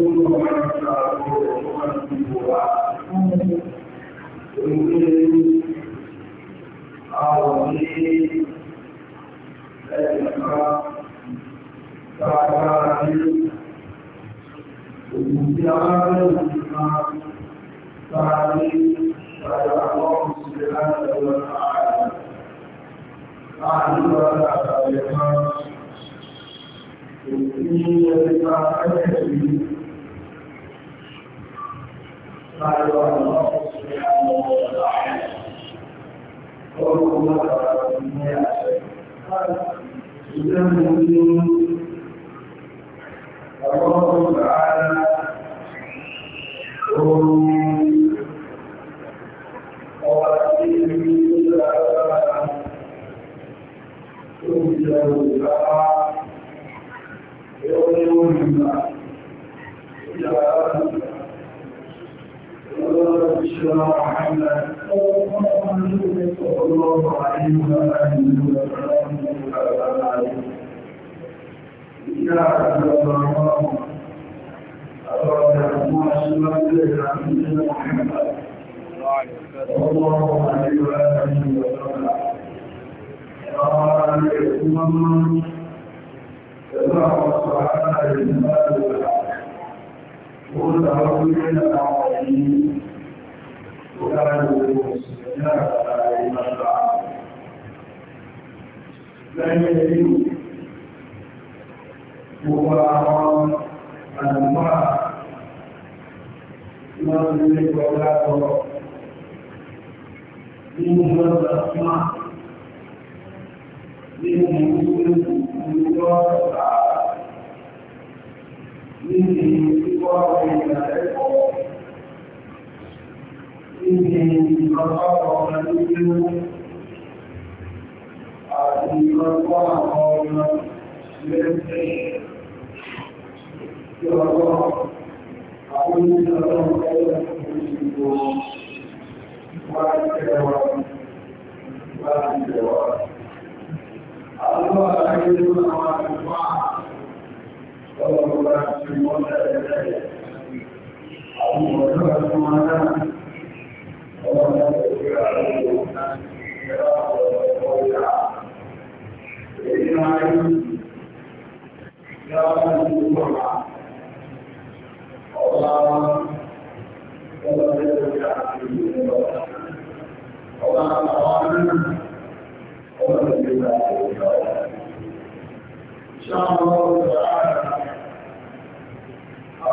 Thank you.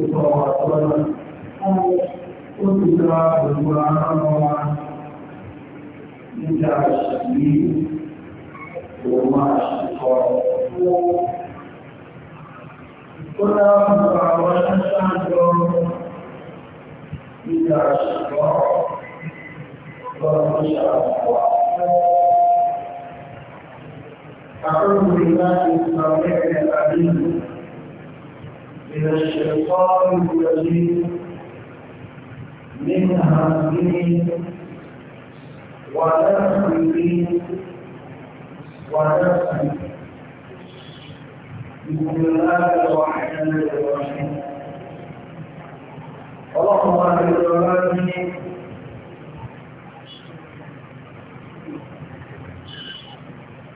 ìfọ̀ ọ̀tọ́lọ́. Ó ti gba gbogbo ara wa nígbà sí òun àṣìkọ. Ó dáàbò àwọn aṣáájọ nígbà àṣìkọ lọ́wọ́ ṣàkọ́. أعوذ بالله من الشيطان الرجيم من همه ونفسه ونفسه بسم الله الرحمن الرحيم اللهم اجعلني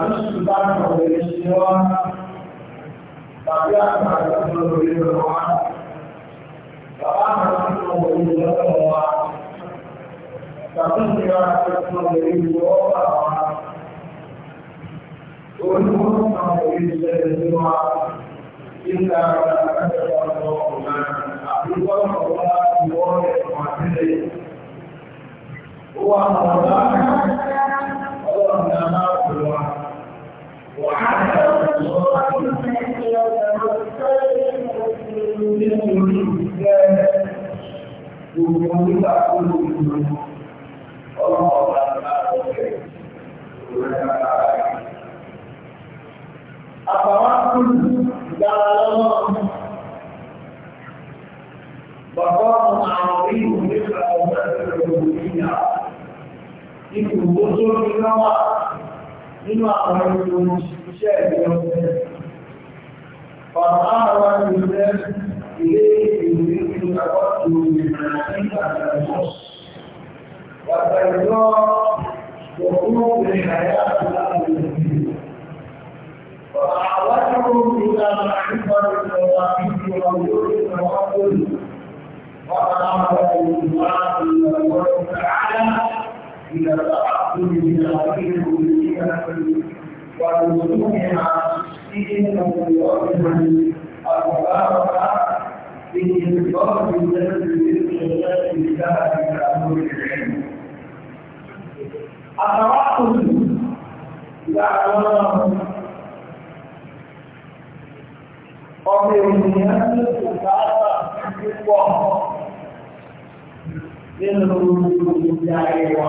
harus kita menghadiri semua tapi apa yang kita beri berdoa apa yang kita beri berdoa tapi kita harus memberi doa untuk memberi semua kita akan dapat doa tapi kalau doa doa yang masih Wa Allah Allah Allah Allah Allah Ibu bosok di kawat nínú àwọn ìlú iṣẹ́ ìlú ọ̀fẹ́. Ọ̀rọ̀ àwọn ìlú ilé ìlú ìlú àkọ́tù ìrìnàjò Bàbá ìjọ òkú obìnrin àyà àti láàrin ìlú. Ọ̀rọ̀ àwọn ìlú ìlànà àríkọ́ ìjọba ìjọba yóò rí ìrànwọ́ lórí. وقد امر الله سبحانه وتعالى الى التعبد من غيره النخل وجذورها إنه يؤمن أخبارها بإنصاف الذي للشهادة لها بأمر العلم التوكل الأعلام Ọmọdéwòrán ló kò sáábà púpọ̀ nínú ìgbà ẹwà.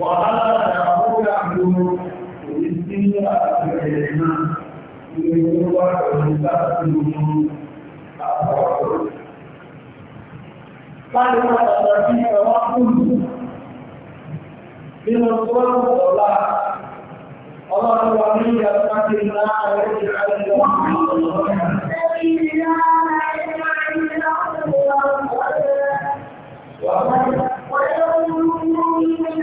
وهذا يقول أحدهم بالدنيا العلم من هو المتأثم قال ما تتركيك وقل من الصور والله الله هو من يتقي الله ويجعل له ومن ويوم من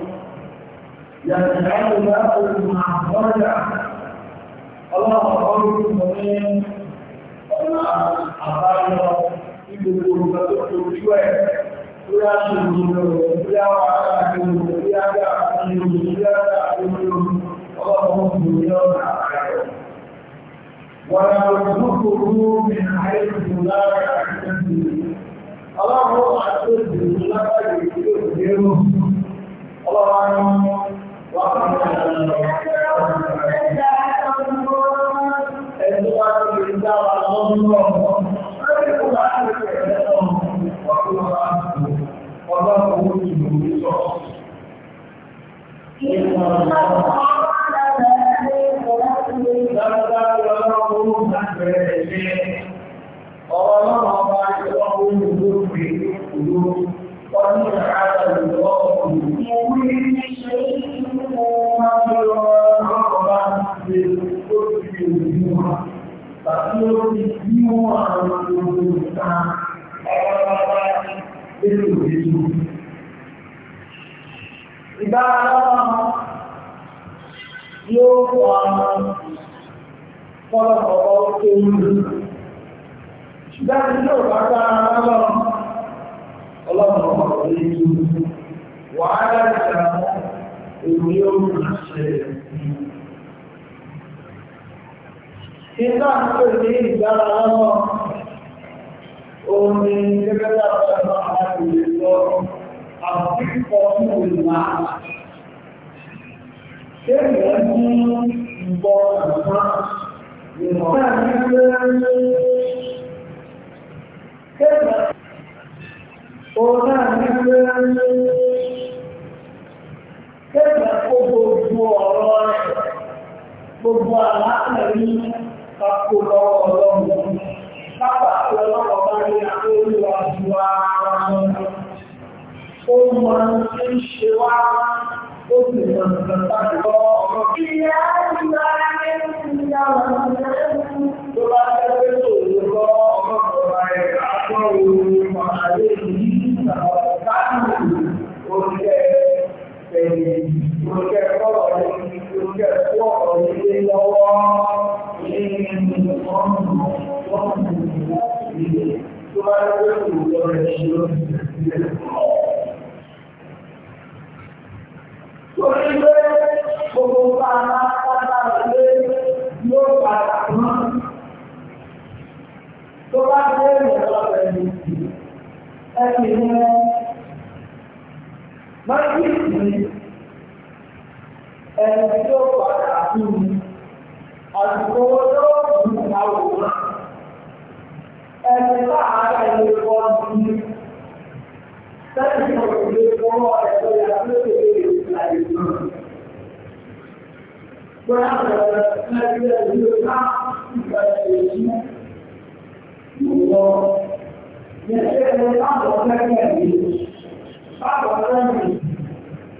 يجعل لكم مخرجا الله قولكم من àbáyọ ní gbogbo olùgbà tó tó ojú ẹ̀ tó yá ṣe ìrìnlẹ̀ tó yá wà láti ìrìnlẹ̀ tó yá dá àti ìrìnlẹ̀ tó yá dá àti ìrìnlẹ̀ ọlọ́pàá ìrìnlẹ̀ ọ̀nà àkàrẹ̀ wọ́n á lọ lókòrò ní àìsàn lára àti ìrìnlẹ̀ ọlọ́pàá àti ìrìnlẹ̀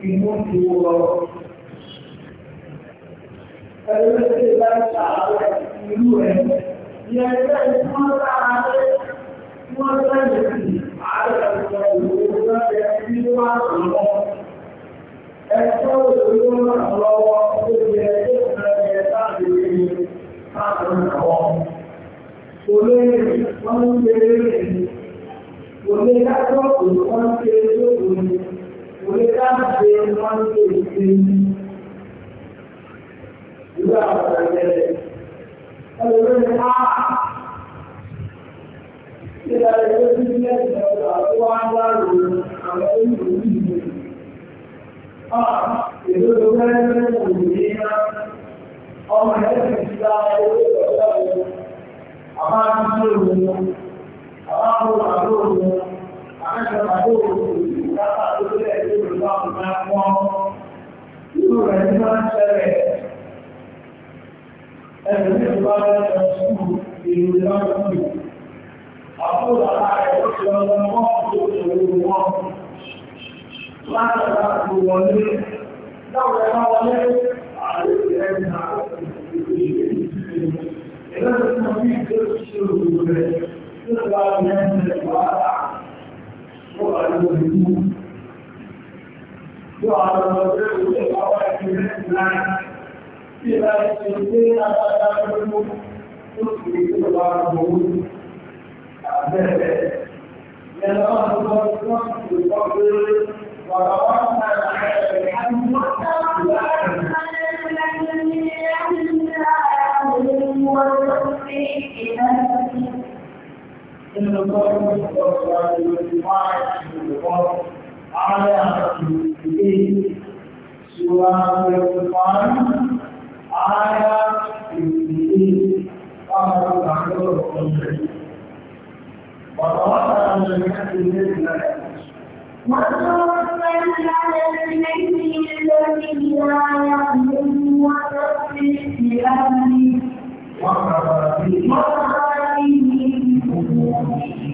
inú ti wọ. Ẹgbẹ́ tí ìgbà ìṣàlẹ̀ ìlú ẹ̀ ní ẹgbẹ́ tí wọ́n láàárẹ̀ wọ́n ń gbé lórí. Olóyè pé káàpé wọ́n lè ṣe ìlú àwọn ọ̀rẹ́lẹ̀ ẹlòmíràn á ṣe àlejò tí ní ẹ̀sìn ọ̀dọ̀ àti wá láàrú àwọn ìlú ìlú èdè tó fẹ́ẹ́ fẹ́ẹ́ kò ní ná ọmọ ẹ̀sìn ti dá owó ìjọba wọn àwọn àdúgbò wọn àwọn àbúrò wọn àwọn ìjọba wọn ìdápá tó lẹ̀ tó lè bá wọn máa pọ́n irú rẹ̀ ní máa ń ṣẹlẹ̀ ẹ̀rù ní ìgbà rẹ̀ lọ sùn ìlú lọ́dún àbúrò àlá rẹ̀ ó ti lọ lọ wọ́n tó ṣòro wọn látara tó wọlé dáwọn ẹ̀rọ wọlé àrètí ẹ̀rù náà ìrẹsì náà bí ìgbésí ṣòro rẹ̀ tó lọ́wọ́ ẹ̀rù náà yóò wà ní orí mú. Yóò wà lọ sọ pé òun lè wá wá ìpínlẹ̀ láàrín. Bí ìlà ìṣe pé agbára lórí mú, ó sì lè tó wà lọ mú. Àbẹ̀rẹ̀ yẹlọ lọ sí wọ́n ti sọ pé wàhálà wà láàrín. Àbúrò náà wà láàrín. إن الله والصلاة والجماعة والقرآن على رسوله سورة القرآن على رسوله قال الله وتوكل على الذين لا وتوكل على الذين لا يؤمنون وتصدق بأمره وكفى بالله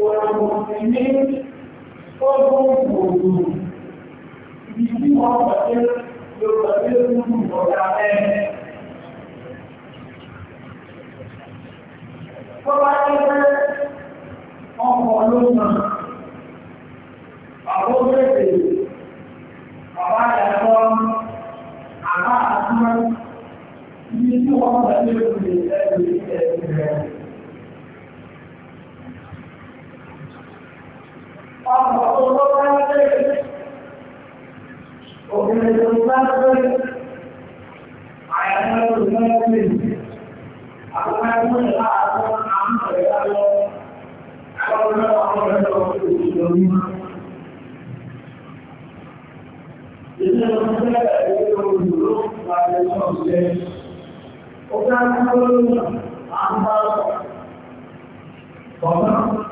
òmùsùnmí tó gbóhùn òògùn ibi tí wọ́n pàdé yóò pàdé lórí ọ̀gá mẹ́rin. Tó bá dé pé ọkọ̀ ló nà, àwọn bèèrè, bàbá ìyàtọ̀, àbá àtúmọ̀, ibi tí wọ́n pàdé lórí ẹgbẹ̀rẹ̀ ọmọ olówó ẹgbẹ́ obìnrin tó ń bá lórí àyàmọ́ olùmọ́ ẹgbẹ́ àwọn ẹgbẹ́ ìlà àwọn àmọ́ ìlà lọ àwọn ọmọ ọmọ ẹgbẹ́ òṣèlú lórí. Ìdílé ọmọdé ẹgbẹ́ olùdó láti ọ̀sẹ̀. Ó dá lórí àwọn bá sọ̀rọ̀.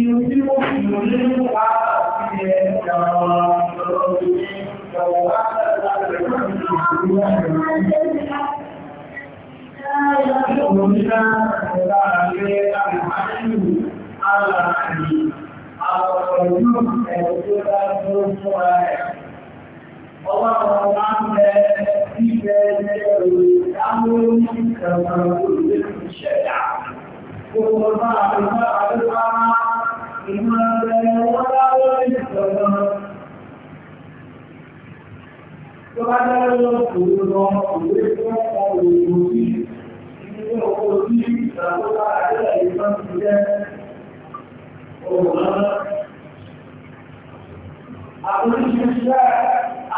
ìlú tí ó fi lò nínú wá sí ẹ̀ Ọlọ́run máa ń bẹ ìfẹ́ ẹgbẹ̀rẹ̀ ìdámọ́rún ìkẹ̀kẹ̀rẹ̀ ìṣẹ̀dá. Gbogbo máa ń bá àdúgbà máa Tó bá dára lọ òun lọ òwe fún ọmọ òòrùn sí ilé ọkọ̀ sí ìgbàlódà àjẹ́lẹ̀ ìfẹ́ ti jẹ́ òun Àwọn oníṣẹ́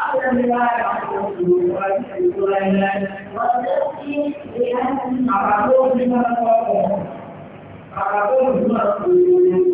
àtẹ́lẹ́lá àwọn òṣèlú àti ìṣòro ẹ̀lẹ́. Wọ́n tó kí ìrìn àti àbàbó òṣèlú máa ń kọ́ ọ̀pọ̀. Àbàbó òṣèlú máa ń kọ́ ọ̀pọ̀.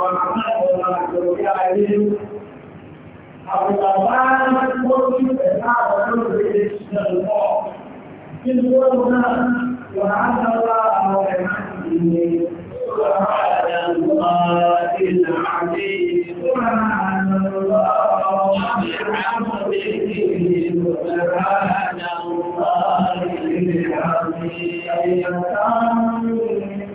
àwọn àmọ́ àjọ̀gbé ayé. Àwùjọ bá ń kó sí ẹ̀ka àwọn olóògbé ṣiṣẹ́ lọ́wọ́. Kí ni wọ́n náà wà á lọ́wọ́ àwọn ẹ̀ka ìdílé Thank you.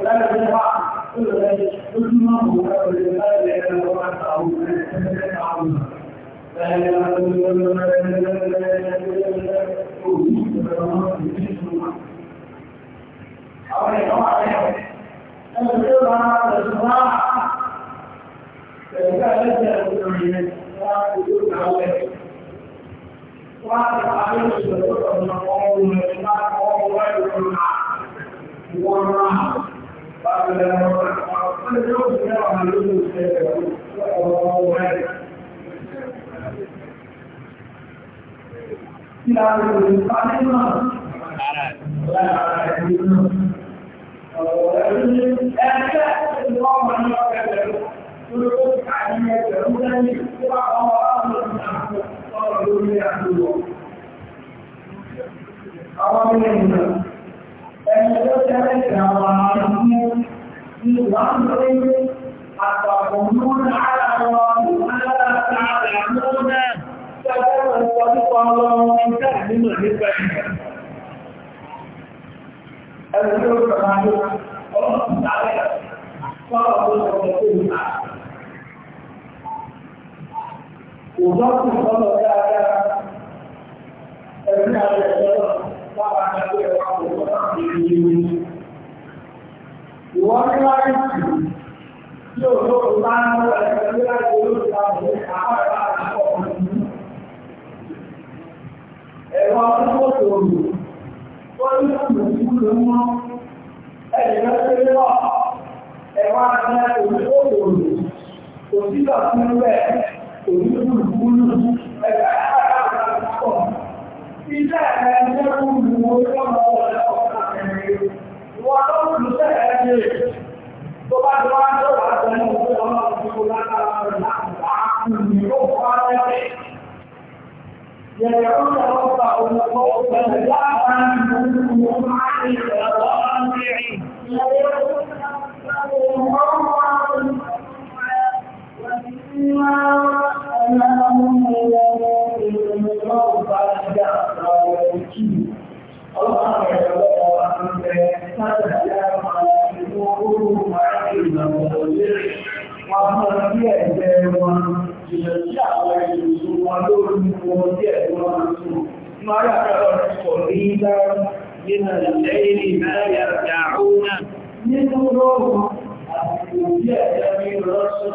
ولا بالحق كل ذلك Àwọn ọmọ ènìyàn بأمر أتظنون على الله ما لا تعلمون فتنطلق الله من تهدم الهبة الرسول صلى الله عليه وسلم وضبط الله تعالى ابن على الشرف Ìwọ́n ní láti tí ó lóòrùn ń lọ ẹ̀sẹ̀ láti olóòrùn àwọn àwọn àwọn ọmọdún. Ẹ̀rọ ọdún tó lòrùn, ó ní ọdún tí ó lòrùn mọ́, ẹ̀rẹ̀ lọ́sẹ̀ lọ́, ẹ̀wọ́ àti ẹ̀rọ tó lòrùn, kò sí lọ sí ilẹ̀, kò ní lòrùn kúrú, ẹ̀rẹ̀ إذا لم يكونوا كما ولو تسأل طبعا طبعا طبعا يدعون ربهم خوفا لا منهم عن الضامع لا يدعون ربهم خوفا من الليل ما يرجعون من نور أبو جهل من رسل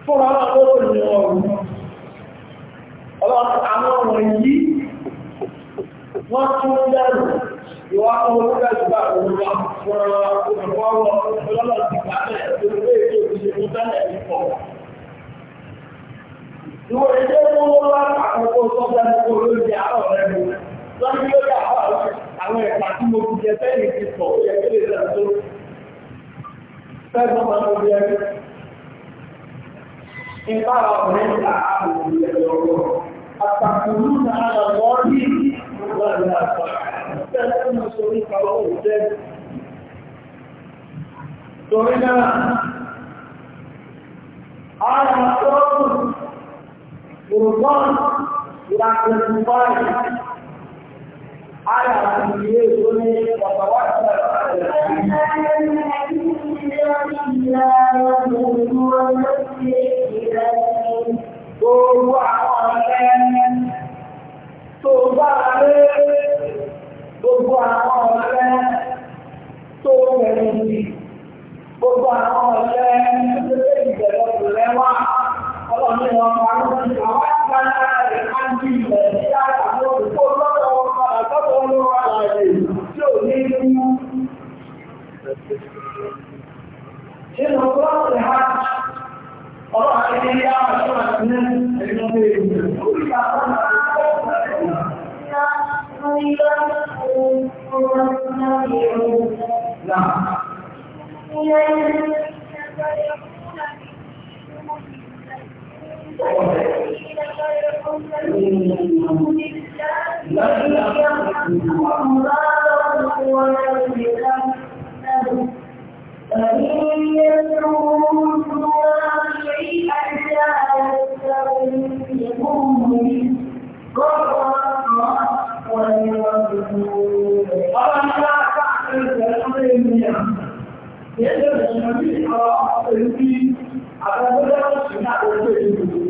Fún ọmọ ọlọ́rọ̀ ni ọrùn. Ọlọ́run àwọn ọmọ yìí wọ́n tún dẹ̀rù ìwà ọmọ ìgbàjúgbà òun wà fún ọmọ ọlọ́rọ̀ ti pàtẹ́ ìgbẹ̀rẹ̀ tó ti ṣe mú tẹ́lẹ̀ ìpọ̀. Ìwọ ẹgbẹ́ tó ń wá àkọ́kọ́ sọ́jà ní kó lóde àárọ̀ rẹ̀ mú. Lọ́dún lórí àwọn àwọn ẹ̀ka tí mo fi jẹ sẹ́yìn ti sọ ó yẹ kí lè dà tó. Fẹ́ẹ̀sọ́ máa ń lórí ẹni. Ìpá ọ̀rẹ́ ìta àbùkù ìlẹ̀ lọ́wọ́. Ramadan, Gbogbo àwọn ọ̀rẹ́ tó bá rẹ̀ gbogbo àwọn ọ̀rẹ́ tó lè ìbẹ̀rẹ̀ rẹ̀ ọlọ́run wọn máa ń wọ́n ṣe àwọn àgbàlá rẹ̀ á ń bí ilẹ̀ sí àwọn olùkó lọ́dọ̀ wọn padà sọ́dọ̀ olówó àlàyé tí ò ní inú. Nínú ọlọ́run ha, ọlọ́run ti ní àwọn ọ̀ṣọ́ àti ní ẹ̀yọ́ méjì. Ó fi àwọn ọ̀ṣọ́ àti ní ẹ̀yọ́ méjì. Nà. Ìyẹn 别人的什么地方，手机，啊，我们要请大家注意。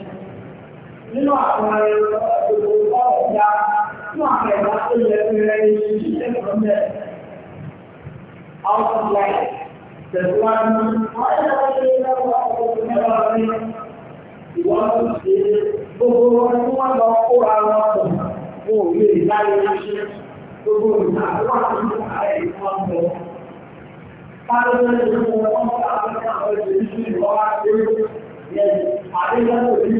nínú àwọn ẹ̀rọ ọ̀gá fún àwọn ẹ̀rọ tó yẹ kí rẹ̀ ṣiṣẹ́ kan bẹ́ẹ̀. Out of life, tẹ̀síwájú, wọ́n yẹ kí ṣe lọ́wọ́ ọkọ̀ ẹ̀rọ rẹ̀. Ìwọ́n tó ṣe gbogbo wọn tí wọ́n lọ kóra wọn pọ̀ fún òwe ìdáyé ṣiṣẹ́ gbogbo ìgbà tó wà nínú ààrẹ ìfọ́n bọ̀. Táyọ̀ lẹ́yìn tó wọ́n ń bá àwọn ọ̀rẹ́ ìṣúná wá sí ẹ̀yìn àdéhùn òbí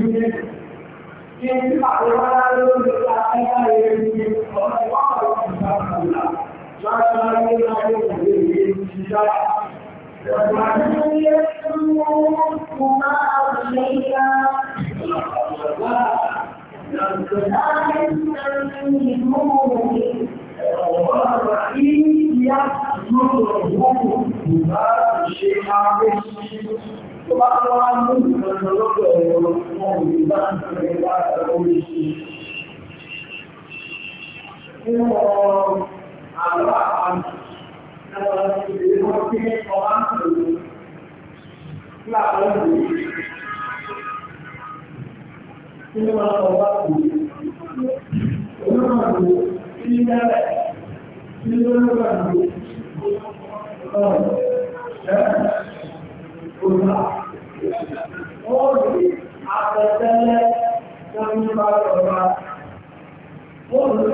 Yẹn tí bàbá wa dá lórí ìgbà ẹ̀ka ẹ̀rù ni ọ̀nà ìwà ọ̀rọ̀ ìgbà kàlà. Lára ní láyé òde ìwé ìṣiṣá. Wàhálà yẹ fún kò máa ṣe yá. Láàrín ìlú ìmúhùn ọ̀rọ̀ ìyá lọ́rọ̀ wọ́n kò máa ṣe máa ń ṣe tó bá tó wá ní ìrìnàjò lọ́dọ̀ ẹ̀rọ wọn ò bá ń tẹ̀lé lára orí ṣe. Nínú àlọ́ àpamọ́, ẹ̀rọ ìdílé wọn kí ọba ń tẹ̀lé láàárọ̀ ìlú. Nínú àwọn ọba kù, olóòrùn kù, kí ní ẹ̀rẹ̀, kí ní olóòrùn kù. òṣà wọ́n rí àtẹ̀tẹ̀lẹ̀ lórí bá ọ̀rá wọ́n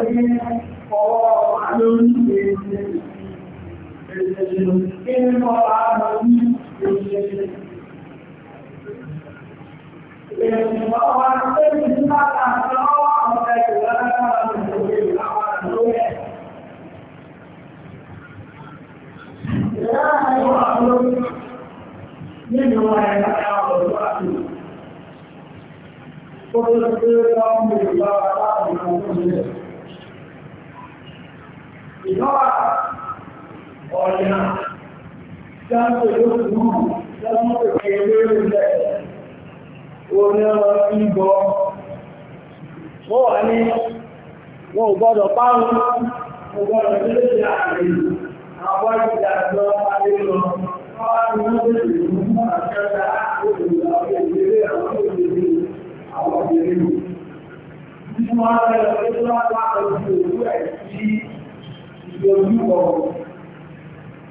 nínú ẹ̀ka ọ̀dọ́ ó ṣe àrẹ̀ àwọn ìjà àjọ alẹ́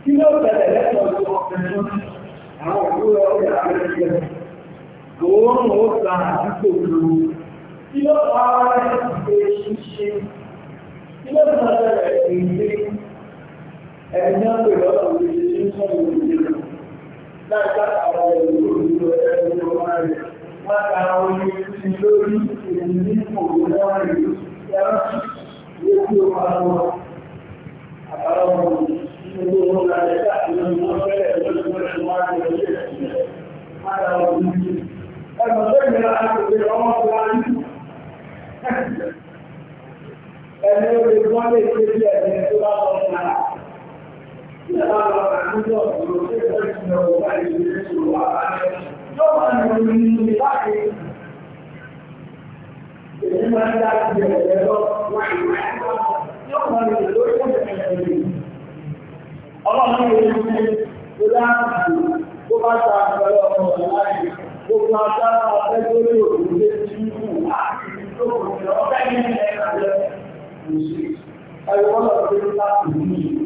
Kí ló tẹ̀lẹ̀ lẹ́tọ̀ọ́ sí ọ̀pẹ̀lú ẹni náà pè lọ́dọ̀ lórí ṣe ń sọ̀rọ̀ lórí ìlú láìpá àwọn ẹ̀rọ ìlú ẹ̀rọ ọmọ rẹ̀ wọ́n ta orí sí lórí èyí ní òwò náà rẹ̀ ẹ̀rọ sí lórí ọmọ àwọn àbáwọn ọmọ ìlú ọmọ rẹ̀ káàkiri ọmọ rẹ̀ ẹ̀rọ ìlú ọmọ rẹ̀ ẹ̀rọ ìlú ọmọ rẹ̀ ẹni ó lè gbọ́n lè ṣe bí ẹni tó bá lọ Ọlọ́run ní ìlú ní ìlú láti tó bá ta àpẹẹrẹ ọmọ ìlú gbogbo agbára ọ̀fẹ́gbórí òkúlé tí ó kù láti tó kù ní ọ̀fẹ́ ní ẹ̀ka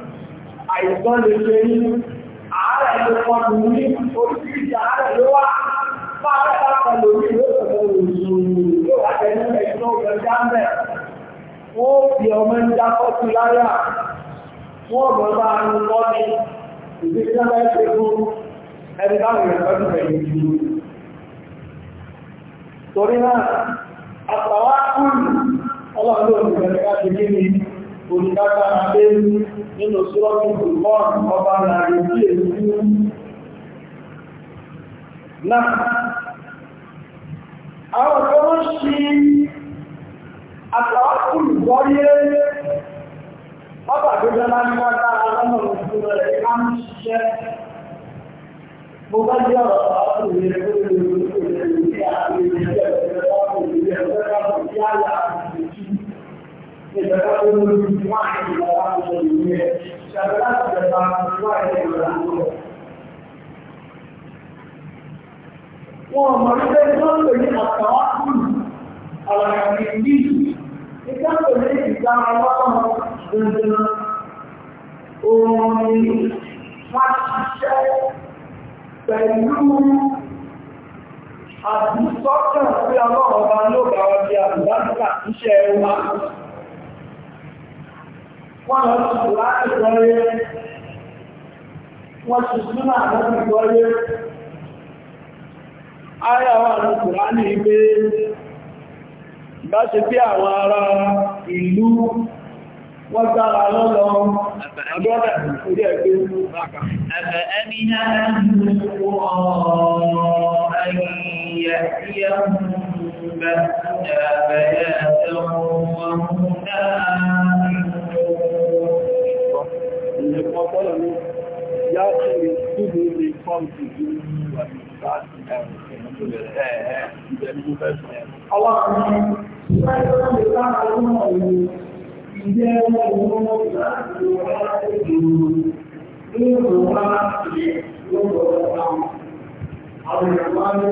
àìsàn lè ṣe ní àárẹ̀ tó pọ̀jù ní oríṣiríṣi àárẹ̀ ló wà bá bẹ́ẹ̀ kan lórí ìwé òṣèlú yóò wá tẹ̀lé ẹ̀ṣọ́ ọ̀gbẹ́ jámẹ̀ wọ́n fi ọmọ ń já fọ́tù láyà wọ́n mọ̀ bá ń lọ́ ní ìgbésí náà ṣe fún ẹni báwọn ìrẹ̀lẹ́dùn pẹ̀lú ìlú torí náà àtàwà kúrù ọlọ́run ló ń bẹ̀rẹ̀ láti kí ni olùdágbára lé nínú sọ́ọ̀tù ìgbọ́n ọba láàrin sí èsì náà àwọn ọ̀pọ̀ wọ́n ṣí àtàwọ́kù ìgbọ́yé ọba gbogbo lágbàtà alámọ̀ òṣìṣẹ́ rẹ̀ ká ṣiṣẹ́ mo bá jẹ́ ọ̀rọ̀ àtàwọ́kù ìjọba tó ń lórí tí wọ́n á ti lọ wá lọ ìlú rẹ̀ ìjọba láti jọba wà ní ìlú àlọ́. Wọ́n mọ̀ ní pé tó ń pè ní àtàwọn kùn àwọn àmì ìlú. Ìjọba tó ní ìgbà ọlọ́run dandan òun ni wọ́n sí ọlọ́run ọba ló bá wọn wọ́n lọ sí ìwádìí gbọ́yé wọ́n ti súnmọ́ àgbẹ̀bí gbọ́yé ayà wà ní kùránì pé bá ṣe pé àwọn ará ìlú wọ́n gbára lọ́lọ́ àbọ́dà ìfúrí ẹgbẹ́ أفأمن أهل القرى أن يأتيهم بأسنا بياتا وهم نائمون mọ́ tọ́lọ̀ ní yá ṣe kúrò lè fọ́ǹtì tó wà ní láti Àwọn ìrọ̀lá ní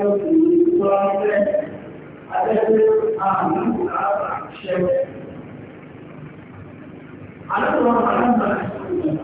ọ̀sẹ̀ ìlú tó ránṣẹ́, adẹ́gbẹ́ àmì ìlàára ṣẹ́wẹ̀. Àdẹ́gbẹ́ àmì ìlàára ṣẹ́wẹ̀.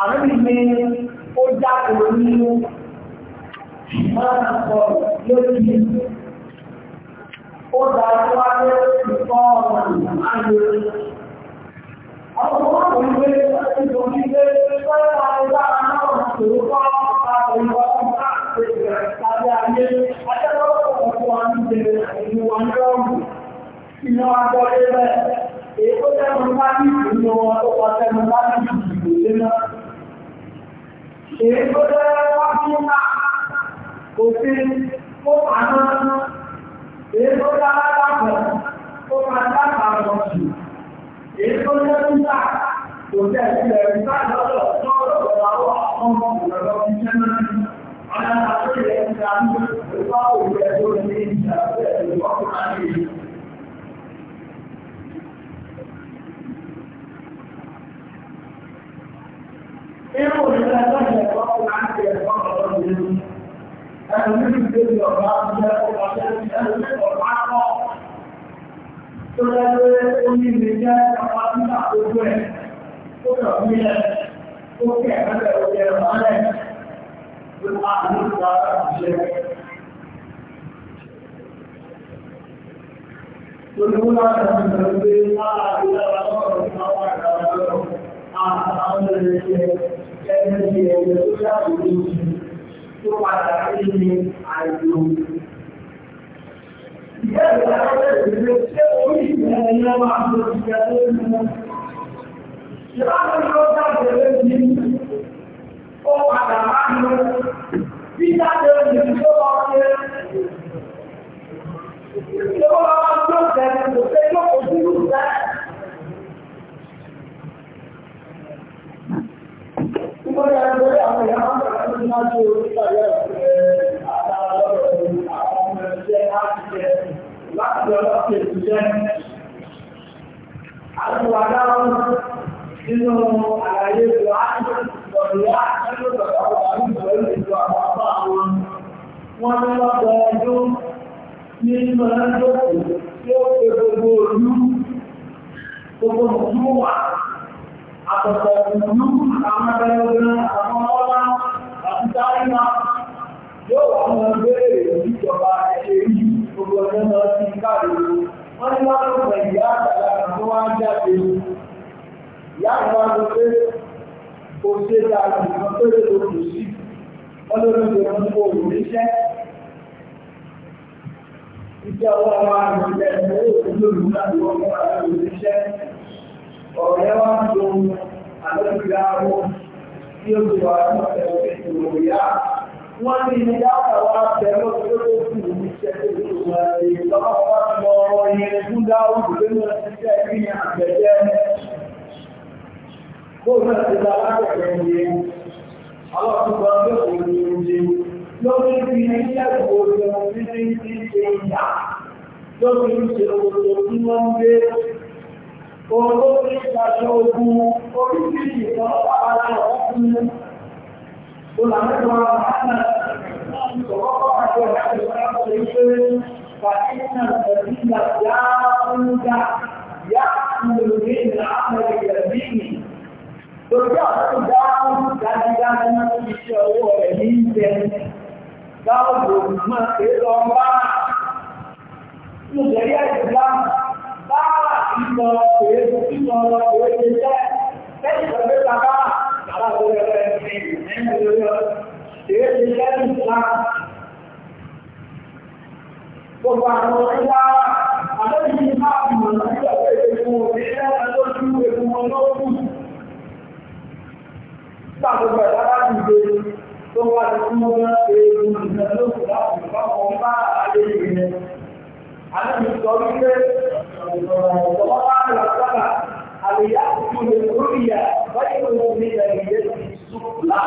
àmì mi ó jáde ní máa sọ lórí ó dá tó wá lé ìfọ́ ọ̀nà ayé ọmọ wọn kò gbé ètò ìgbé sọ́yà ìgbára náà tó kọ́ àwọn ìwọ̀n láti bẹ̀rẹ̀ tàbí ayé akẹ́kọ̀ọ́ ọ̀pọ̀ wọn ti bẹ̀rẹ̀ ìlú wọn lọ́rùn ìlú àgbọ̀lé bẹ́ẹ̀ èyí tó tẹ́nu bá ní ìlú wọn tó wọ́n tẹ́nu bá ní ìlú ìlú náà kìí tó Irú ìrìnlẹ̀ lọ́yìn ẹ̀kọ́ kò láti ẹ̀kọ́ ọ̀rọ̀ ìlú. Ẹnu ní ìgbésí ọ̀gá ọ̀gá ọ̀gá ẹnu ní ọ̀gá kọ́. Tó lẹ́gbẹ́ ó ní ilé jẹ́ ọ̀gá nígbà gbogbo ẹ̀. Ó kẹ̀ fún ilẹ̀, ó kẹ̀ ẹ̀kẹ́ ọ̀gá ẹ̀rọ mọ́lẹ̀. Ó máa ní ìgbà ìṣẹ́. Olúwa ti sọ̀rọ̀ pé láàárín àwọn ọ̀rọ̀ ìgbà wà láwọn ọ̀rọ̀ àwọn ọ̀rọ̀ ìṣẹ́ ẹgbẹ́ ti ẹgbẹ́ tó dáàbò ní oṣù tó padà sí ní àìlò. Ìbẹ̀rẹ̀ aláwọ̀ ìgbẹ́ ṣé orí ìgbẹ́ ẹ̀yẹ́ máa ń lo ìgbẹ́ tó ń mú. Ìbáwọ̀ ni ó dáàbò lé ní ó padà máa ń lo bí dáàbò ní tó lọ sí. Ìjọba wa ń lọ sẹ́yìn kò sẹ́yìn kò sí ìlú sẹ́yìn. ní orílẹ̀-èdè àtàlọ́rọ̀ àwọn ọmọ ẹgbẹ́ láti jẹ láti ọlọ́pẹ̀ ìṣẹ́. Àjọwà dáwọn nínú àlàyé ìlú àjọ ìgbọ̀nlá ẹlòdọ̀dọ̀ àwọn àjọ ìlú àwọn àpá àwọn wọn ní lọ́dọ̀ ọdún ní ìmọ̀lẹ́dọ̀ tí ó pe gbogbo òlú gbogbo òlú wà àtọ̀tọ̀ òlú àwọn ẹgbẹ́ àwọn ọmọ àti China yóò wà mọ́ béèrè ìjọba ẹ̀ṣẹ̀ yìí gbogbo ọjọ́ lọ sí káàdì wọ́n ní wọ́n tó pẹ̀ ìyá àgbàlagbà tó wá jáde ìyá àgbà ló pé kò ṣe dáa nìkan péré ló kù sí wọ́n ló ló lè mú kó òun níṣẹ́ iṣẹ́ ọwọ́ wa nílẹ̀ ẹ̀mọ́ òun ló lù láti wọ́n mú àwọn òun níṣẹ́ ọ̀rẹ́ wa ń lo àlọ́ ìgbà wọn tí wọ́n ní ní dáta wá bẹ̀rẹ̀ lọ́pọ̀ tó kù ní iṣẹ́ tó kù wọn èyí lọ́pọ̀ lọ yẹn fún dáwùdù pé mo ti ni àgbẹ̀jẹ́ bó náà olóòrí ìgbàṣọ ogun oríṣìí ìtàn ara ọkùnrin olàmẹ́gbà àmà ìṣọ̀kọ́kọ́ àjọ ìgbàṣọ ìṣẹ́ fàtíkà ìgbàṣọ yáàkúnjá yáàkúnlẹ̀ ìlànà ìgbàṣọ Lórí àwọn dáhùn dájúdájú máa ń ṣe ọwọ́ rẹ̀ ní ìjẹ. Dáhùn lòrùn máa ń pè lọ bá. Mo jẹ́ yá ìgbàmù ìmọ̀ òye ìmọ̀ òye jẹ́ lẹ́yìn tó gbé bàbá bàbá tó yẹ lọ ẹni ẹni lórí ọ èyí ti lẹ́yìn ìlà gbogbo àwọn ọ̀gá àlọ́yìn ní máa fi mọ̀ náà yọ pé ewu òní lẹ́yìn lójú ewu wọn ló kù. Nígbà tó bẹ̀rẹ̀ láti gbé tó wá ti kú mọ́ ewu ìgbà lókù láti bá wọn bá àlejò yẹn. Àná mi sọ wípé ọ̀pọ̀ bá lọ sábà àlèyá tó lè lóríyà báyìí ló ní ẹ̀yẹ ti sùkúlà.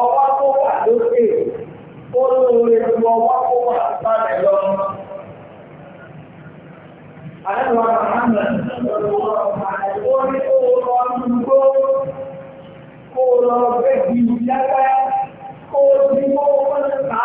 Ọwọ́ tó wà lókè ó lóore ju ọwọ́ tó wà sálẹ̀ lọ. Àná mi wà láàmì lọ́wọ́ ó ní kó o lọ dúró kó o lọ bẹ́ẹ̀ bí yára kó o ti mọ́ wọn ta.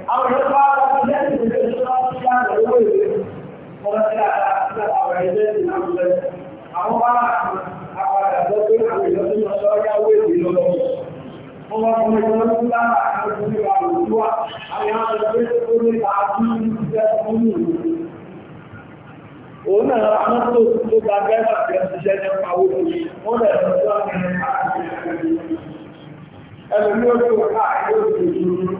àwọn ẹgbẹ́ ti náà lọ àwọn bá àwọn àgbàgbọ́ pé àwọn èèyàn tó lọ sọ́ọ́ yáwó èdè lọ́wọ́ wọn wá fún ẹgbẹ́ wọn tó lára àwọn ìlú wa lòdù wa àwọn èèyàn tó lọ sí orí àbí ìṣẹ́ fún mi. òun náà àwọn tó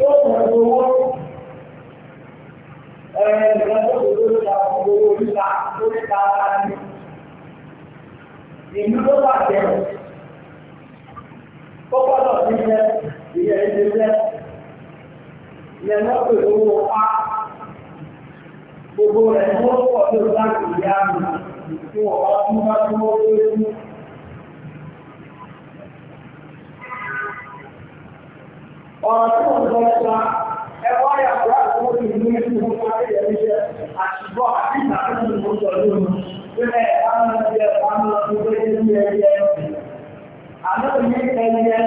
yóò gbogbo rẹ̀ ní tó láti ìyá mi tí wọ́n bá tún bá tún wọ́n lórí. ọ̀rọ̀ tí wọ́n lọ sọ ẹwọ́ yàtọ̀ àti wọ́n ti ní ìlú fún ayẹyẹ àṣìbọ̀ àti ìtàkùn ìlú sọ lónìí sílẹ̀ àwọn ẹgbẹ́ àwọn ọdún tó ní ẹyẹ àná ní ẹyẹ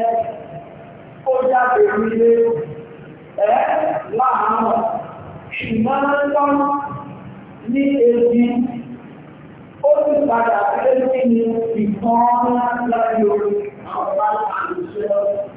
ó jáde nílé ẹ láàárọ̀ ṣùgbọ́n lọ́n ní ebi ó sì padà pé ní ìkan láti orí àwọn bá àlùsẹ́ ọ̀sẹ̀.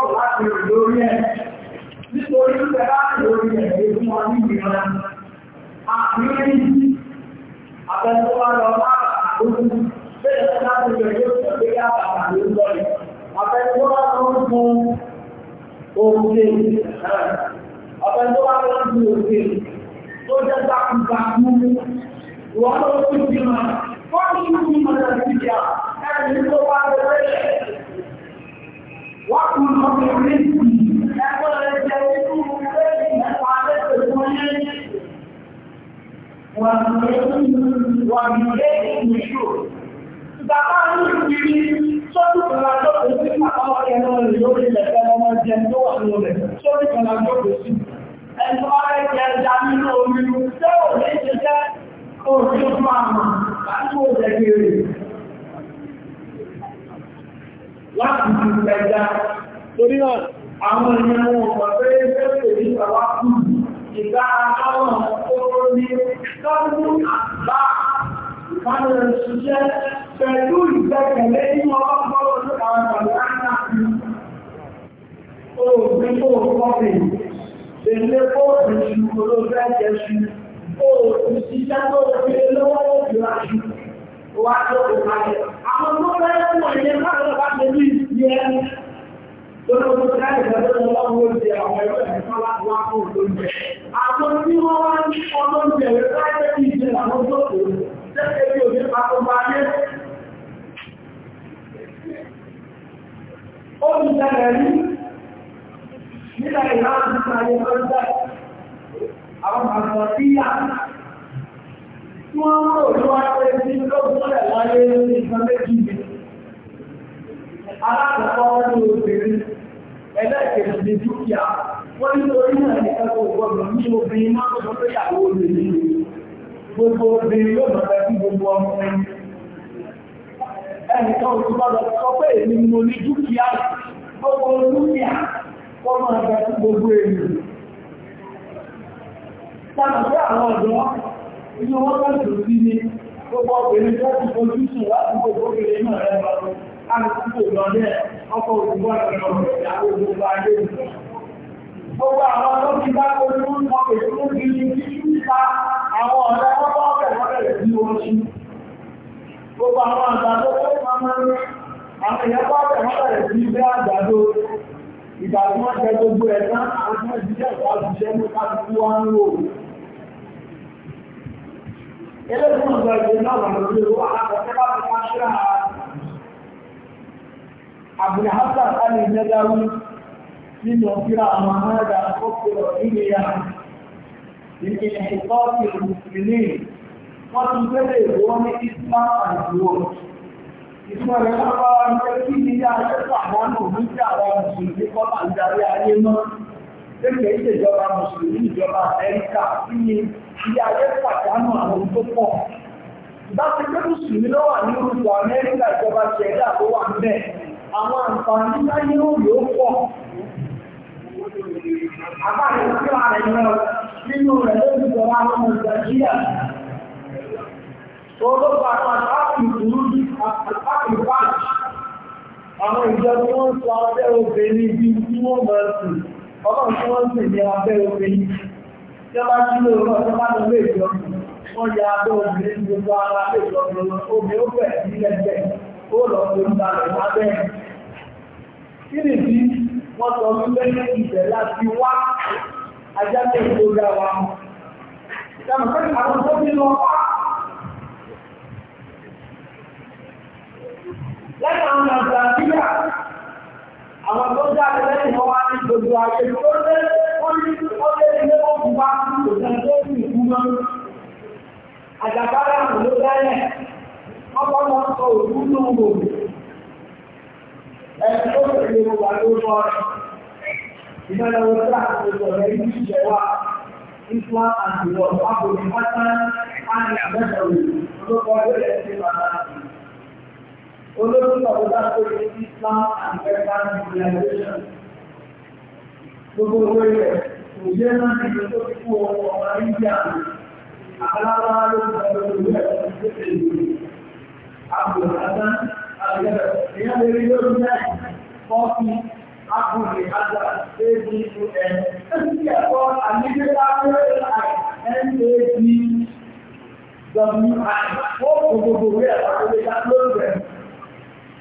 wá ń lò ẹlẹ́gbẹ̀rún ọ̀gbà ìgbè náà wà lórí owó àkọ́kọ́ bá fi ṣíra àbúrẹ́hásà sáàlì ìjẹ́dáwí nínú ọ̀fíra àwọn amáàdà àkọ́kọ́ ilé ya ìpínlẹ̀ ìtọ́sí ìrùsùlẹ̀ wọ́n ti gbẹ́lẹ̀ ìwọ́n ní islam and world ìtumọ̀ rẹ̀ lábára ní ẹgbẹ́ ìdílé àjẹ́sà àwọn àwọn òṣèlú lẹ́gbẹ̀ẹ́ ìjọba mùsùlùmí ìjọba amẹ́ríkà tí ni ilé ayé pàdánù àwọn tó pọ̀. bá ti pé mùsùlùmí ló wà ní orúkọ amẹ́ríkà ìjọba ṣẹ̀dá tó wà níbẹ̀ àwọn àǹfààní láyé òòlù ó pọ̀. àbáyé tí wàá rẹ̀ náà nínú rẹ̀ lórí ìjọba àwọn nàìjíríà olóògbé àwọn àtàkì ìlú àtàkì pàṣẹ àwọn ìjọba wọn sọ abẹ́ obìnrin bíi tí wọ́n máa sùn ọlọ́run tí wọ́n ń pè ní abẹ́ obìnrin tí wọ́n bá jí lóòrùn náà tó bá lọ lé ìjọ wọ́n ya abẹ́ obìnrin ní gbogbo ara lé ìjọ omi ó bẹ̀ sí ẹgbẹ́ ó lọ sí ń balẹ̀ lábẹ́ kí ni bí wọ́n sọ wípé ibẹ̀ láti wá ajá tó tó ga wa ìdáhùn pé àwọn tó bí lọ wá lẹ́yìn àwọn àgbà àwọn tó jáde lẹ́yìn wọn wá ní gbogbo àṣẹ tó lé wọ́n ní ọdẹ ilé wọn kù wá sí òṣèlú tó sì kú mọ́. àjàkálẹ̀ àmì ló bẹ́ẹ̀ ọkọ̀ wọn sọ òkú tó ń wò ẹni tó sì lè wà lórúkọ rẹ̀. ìmọ̀lẹ̀ wọn tó àkóso rẹ̀ ní ìjẹ̀wà ìfúnwá àti ìwọ̀n àbòrò pátá àmì àmẹ́sọ̀rọ̀ lórúkọ rẹ̀ ti pàtàkì olórí ọ̀dọ́dá tó ní Islam and Western civilization. Gbogbo owó rẹ̀ kò jẹ́ náà ní ìlú tó ti kú ọmọ ọmọ India àkàlára ló ń bọ̀ lórí rẹ̀ tó ti lè àpò àdá àgbẹ̀rẹ̀. Èèyàn lè rí lórí náà kọ́fí ápùlì àgbà ABUN. Ẹ̀sìn ẹ̀kọ́ àmìgbéra rẹ̀ NABWI. Ó kò gbogbo rẹ̀ àpapọ̀ lè dá lórí rẹ̀.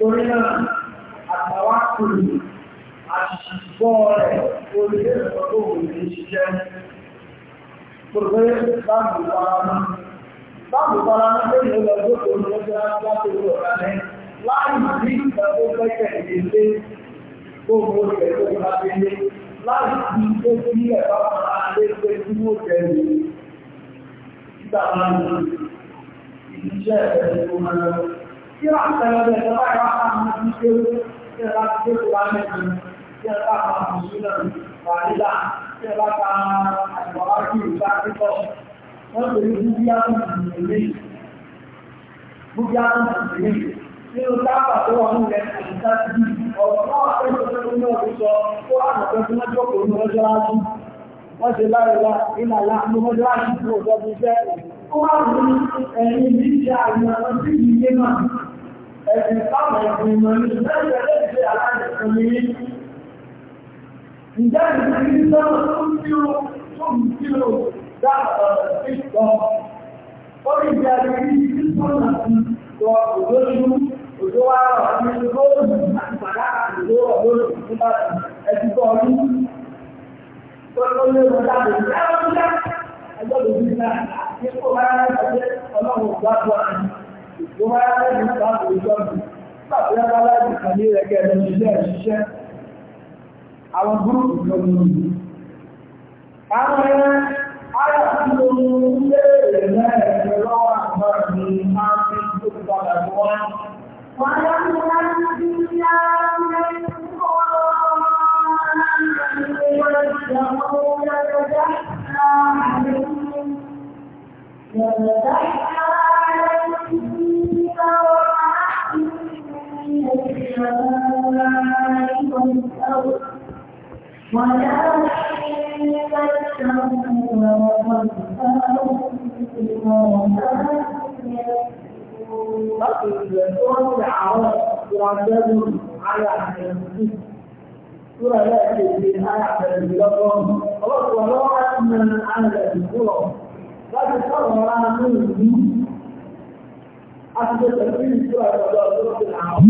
torí náà àtàwà kùrù àṣìṣìgbọ́ rẹ̀ orí ẹ̀rọ tó wù ní ṣiṣẹ́ pẹ̀lú báàbù parama báàbù parama tó yẹ lọ tó tó lọ sí láti lọ rẹ̀ láì sí ìgbà tó gbẹ́kẹ̀ ìdílé gbogbo rẹ̀ tó bá délé láì sí tó sí ẹ̀bá para lé pé tí ó tẹ̀lé ìgbà máa ń ṣiṣẹ́ ẹ̀rọ tó máa ń tí wọ́n àtẹ̀lẹ̀ ọ̀dọ̀ ìjọba ìwà àwọn na ìṣẹ́ tí ẹ bá ma mọ̀ sí náà wà nílà tí ẹ bá ta àtìwọ́wá sí ìgbà pípọ̀ wọ́n tó ní wọ́n ṣe láìlá ìlàlá láti fún ọjọ́ ẹ̀sìn táwọn ẹ̀sìn ìmọ̀ ní ìdájọ́ ẹ̀sìn aláìsàn ní ìjáde ní sọ́nà tó ń tí ó tó ń tí ó dá ọ̀rọ̀ sí sọ. Ó lè jẹ́ àgbẹ̀rí sí sọ́nà sí sọ òdójú, òjò wá rọ̀ ní góòlù àti pàdákà ìlú ọ̀dọ́ ìfúnpá ẹ̀sìn tó ọdún. Tó ló lé wọn dábò ní ẹgbẹ́ ọjọ́ ìgbìmọ̀ àti ìfowópamọ́ ọlọ́run gbàgbọ́ àti ló bá yára ní ìsáàbò ìjọ́bù láti yára láti kàn ní ẹgbẹ́ ẹ̀rọ ṣiṣẹ́ ṣiṣẹ́ àwọn gúrùpù tó ń lò. Àwọn ẹran ara tí mo mú léèrè lẹ́ẹ̀kẹ́ lọ́wọ́ àgbà mi máa ń fi tó padà bọ́ wọn. Wọ́n yá mi láti bí yá mi kọ́ láti ṣe ìyàwó yàtọ̀ dáhà. Yàtọ̀ dáhà. آبائهم lọ́wọ́ láti mẹ́rin ààrẹ̀ ìkúrọ̀, láti sọ̀rọ̀ ara ìlú àtijọ́ tẹ̀lé ìjọ àgbàdo ọdún ti nà ọ́.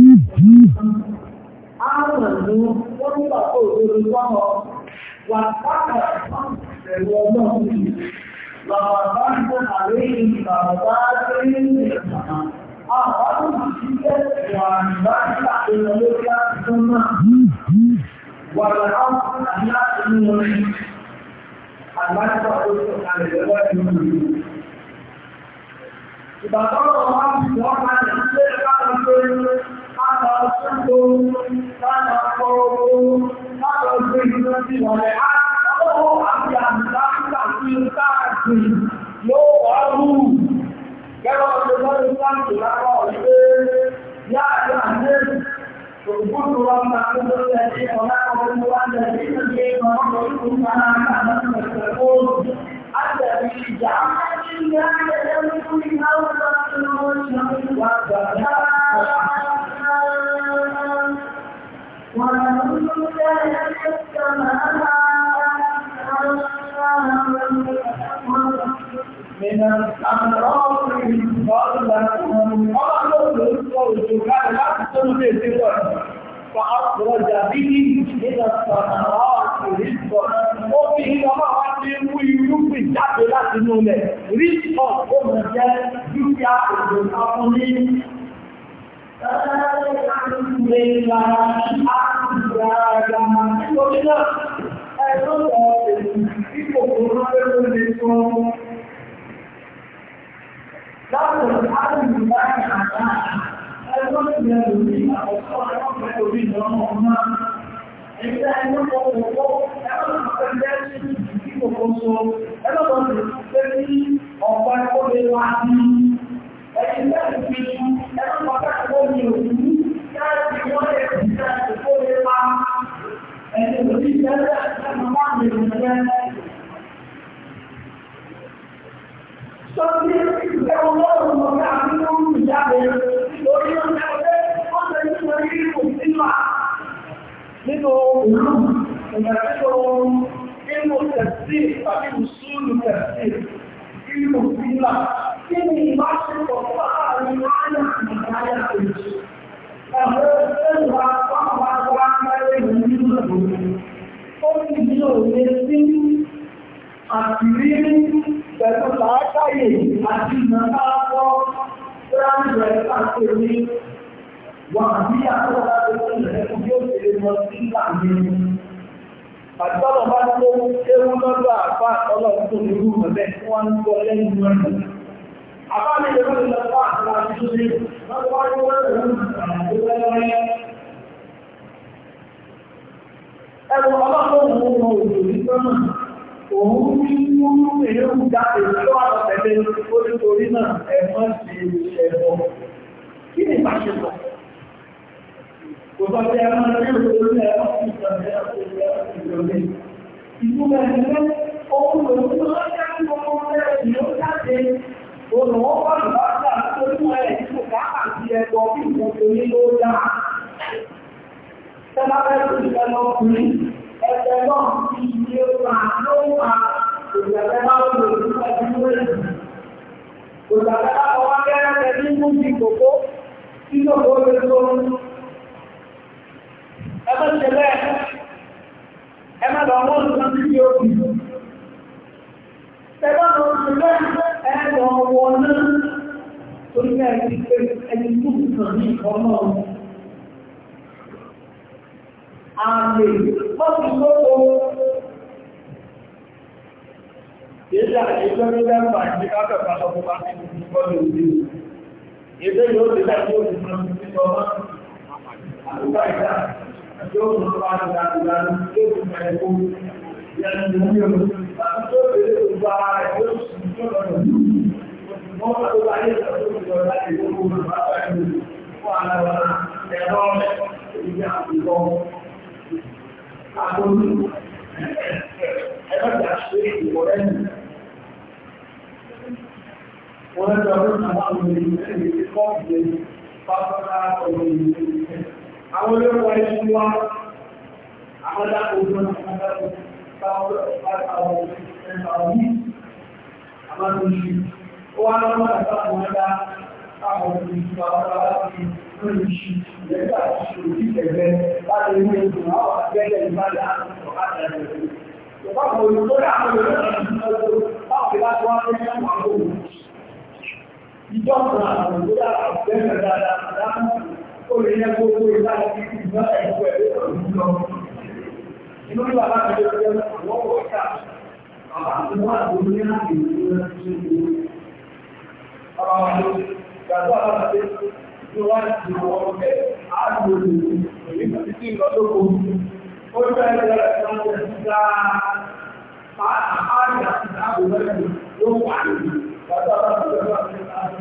Àwọn ìlú wọ́n ní bàbá òdodo sọ́mọ wà sábà ẹ̀rọ ọgbọ́n mi. Bàbá bá ń bọ̀ àléyìn bàbá tó ń lè sàmà. Àwọn òṣìṣẹ́ wà nígbà tí àpẹẹrẹ lórí àtijọ́ náà. Wà láwọn àti láti mú wọn. Àgbájọ àti oṣù àlẹ́ lọ́wọ́ ìlú ìbàtọ́rọ̀ wá bí wọ́n máa ní ilé lára lórí lára ṣúgbò lára ọ̀rọ̀ lára ọgbẹ́ ìlú ti wọ̀lẹ̀ àtọ́wọ́ àti àmìláfíà sí káàkiri yóò wá rú gẹ́rọ ọdún lọ́dún láti lára ọ̀rẹ́ yáàrá ní ògbúrú wọn máa ń lọ sí ọ̀rẹ́ ọdún wọn lọ sí ilé ọmọ ìlú máa ń kà lọ́sọ̀rọ̀ àtẹ̀rí ìjà ń bá ní ilé ayẹyẹ lè la àtìgbà àgbà nítorí náà ẹ̀rọ ọ̀rẹ́ ipò kòrò lẹ́rọ lè sọ láti àtìgbà àgbà ẹ̀rọ ìgbẹ̀rù ní àkọ́kọ́ ẹ̀rọ ìgbẹ̀rù ní ọmọ ọmọ ẹ̀rọ ìgbẹ̀rù ní ọmọ ẹ̀rọ ìgbẹ̀rù ní ọmọ láti wọ́n lè fi ṣe àtìkó lè pa ẹni òní ìṣẹ́lẹ̀ àtàkùn máa lè rìn lẹ́lẹ́. Sọ́tí ìgbẹ́wọ̀n lọ́rùn mọ̀ká nínú ìjáde lórí ọjọ́ ẹgbẹ́ wọ́n lè ní orí ìlú sílá nínú òun ìgbàlejò nínú tẹ̀sí tàbí ìṣúlù tẹ̀sí ìlú sílá. Kí ni ìbáṣepọ̀ fún àwọn ará àti ìgbàlejò? Àtìrí pẹ̀lú làákàyè àti ìnàká àpọ̀ Fúráńdẹ̀ àti orí wà ní àkọ́lá tó ń rẹ̀ bí ó ṣe mọ́ sí láàrin. Àtọ́lọ̀ bá tó kéwú lọ́dọ̀ àpá ọlọ́run tó ní rú mẹ́bẹ̀ wọ́n ń gbọ́ lẹ́nu mẹ́rin àbámi ìlú ìlọ́pàá àti àti ṣúlé wọ́n wá ní wọ́n rẹ̀ lọ́wọ́ ẹ̀rọ ọlọ́pàá òun mọ̀ òjò ní sọ́nà òun ní múrú èéhù jáde tó àwọn tẹ̀lé orítorí náà ẹ̀mọ́ sí ẹ̀bọ kí ni ìbáṣepọ̀ kò sọ pé ẹ̀mọ́ sí orí ẹ̀mọ́ sí ìtọ́jú ẹ̀mọ́ sí ìjọba ìgbúgbẹ̀rẹ̀ ọkùnrin tó lọ́jọ́ olùwọ́pọ̀ lọ́jà nítorí wọn ẹ̀ bí ẹgbẹ́ náà ti ti kòkó tí lọ náà torí pé ẹni pé ẹni tó kàn ní ìkan náà àmì mọ́tò lóko Ìjẹ́ àìjọ́ ló lẹ́pàá ìjẹ́ kákẹ̀kọ́ ọkùnrin bá ti ń kọ́ ní òbí. Ìjẹ́ yóò ti láti ó ti mọ́ sí ìgbà tó bèèrè gbogbo ara rẹ̀ yóò sì Àwọn olóòwò ẹ̀ṣùn wa, àwọn dákòó jọ́nà, àwọn dákòó, táwọn ọ̀pá àwọn ọ̀pá àwọn ọ̀pá àwọn ọ̀pá wá lọ́wọ́ àtàkùn ẹ̀dá àwọn ìgbà ọ̀rọ̀ láti lórí iṣu lẹ́gbà ìṣòro tí ẹ̀gbẹ́ láti inú ẹ̀kùn àwọn àgbẹ̀lẹ̀ ìbálẹ̀ àtàkùn àtàkùn ẹ̀gbẹ́. Ìpapọ̀ olùkọ́lá àwọn olùkọ́lá ti lọ́jọ́ láti láti wá lẹ́yìn àwọn olùkọ́. Ìjọ́kùn àwọn olùkọ́lá àgbẹ̀lẹ̀ dáadáa dáhùn olùyẹ gbogbo ìlànà ìgbà ẹ̀kọ́ ẹ̀kọ́ ìlú lọ. Inú ìlú alákọ̀ọ́jọ́ ọ̀rọ̀ wọn ló gbàgbọ́ ọ̀rọ̀ pé tí wọ́n ti wọ́n pé àgbò lè nípa títí lọ́dọ́kọ̀ ó fẹ́ lọ́rẹ̀ tó ń tẹ̀ síta àárín àti àbò lọ́rẹ̀ ló wà lórí gbàgbọ́ ọ̀rọ̀ tó lọ́rọ̀ pé àti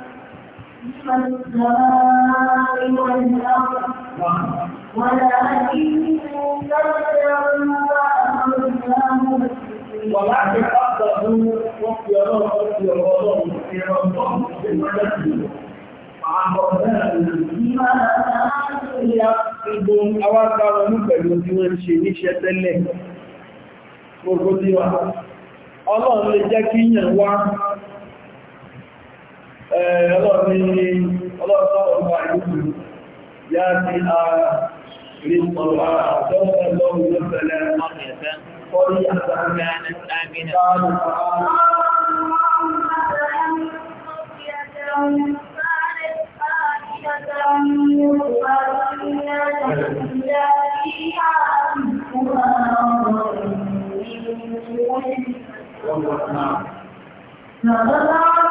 السماء والأرض ولكن وبعد أفضل واختيارات اختيارات اختيارات المدد عبرنا بما يقصدون أوقع ونفع يوم شيء تلك Gbogbo díwá, Ọlọ́run lè jẹ́ kí yàn wá ọlọ́ni ọlọ́tọ́ ọmọ àìyúkù yá sí a rí ọ̀rọ̀ àtọ́wọ́ lọ́wọ́ ìjọ́sẹ̀lẹ̀ kọ́rí àtàrí Thank you.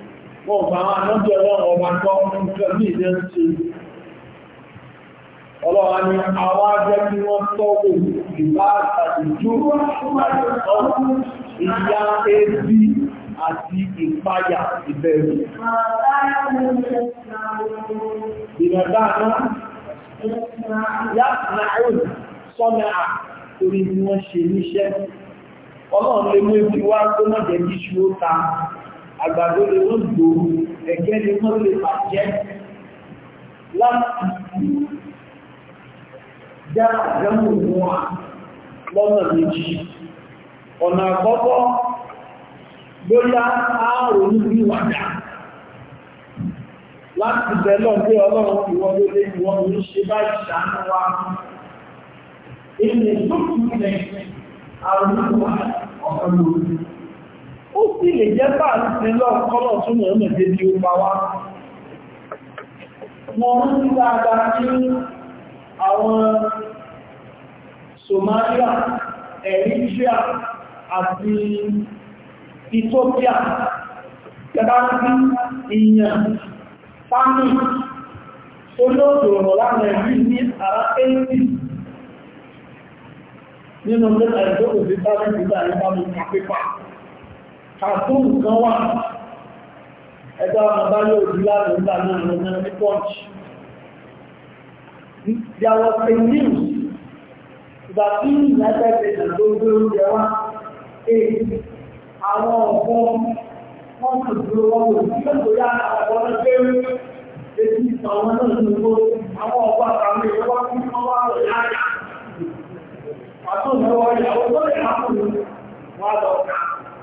ọ̀pá àmọ́jọ́ ọlọ́run ọba kọ́ nǹkan bí ìdẹ́ ń ṣe ọlọ́wà ni àwọn ajẹ́ kí wọ́n tọ́wò ìbá àtàdìjú ìyá ebi àti ìpáyà ìbẹ̀rù ìrọ̀dá náà yàtìláàrùn sọ́nà à torí wọ́n ṣe níṣẹ́ ọlọ́run lè mú ibi wá tó mọ̀jẹ̀ bí ṣú ó ta àgbàdo lè wọ́n gbò ẹ̀gẹ́ lè wọ́n lè bàjẹ́ láti já àdámù wọn lọ́nà méjì ọ̀nà àkọ́kọ́ bóyá ààrùn níbi wàdà láti bẹ̀lọ́ pé ọlọ́run ìwọ́n ló lé ìwọ́n ló ṣe bá ìṣàánú wa ìrìn tó kú ilẹ̀ àrùn níbi wàdà ọ̀pọ̀lọpọ̀ ó sì lè jẹ́ bá ní lọ́kọ́lọ̀ tó mọ̀ ọmọ jẹ́ bí ó pa wá wọ́n ń dáadáa ní àwọn Somalia Eritrea àti Ethiopia gẹ́gẹ́ bí ìyàn fámi tó lóòdò ọ̀rọ̀ láàrin ẹ̀rí ní ara 80 nínú mẹ́ta ìjọ́ òfin bá ní ìgbà ní bá mú kàpípàá kàtún kan wà ẹgbẹ́ ọmọ bá yóò di láàrin nígbà náà lọ́nà ní pọ́ǹchì there was a news that in United Nations ló gbé oúnjẹ wá àwọn ọ̀pọ̀ wọ́n kò dúró wọ́n kò sí lẹ́gbẹ̀ẹ́ àwọn ọ̀pọ̀ lẹ́gbẹ̀ẹ́ ètí àwọn náà ní owó àwọn ọ̀pọ̀ àtàwọn èèyàn wá fún wọn wá rẹ̀ láyà àtúnṣe wọ́n tó lè máa kù wọ́n lọ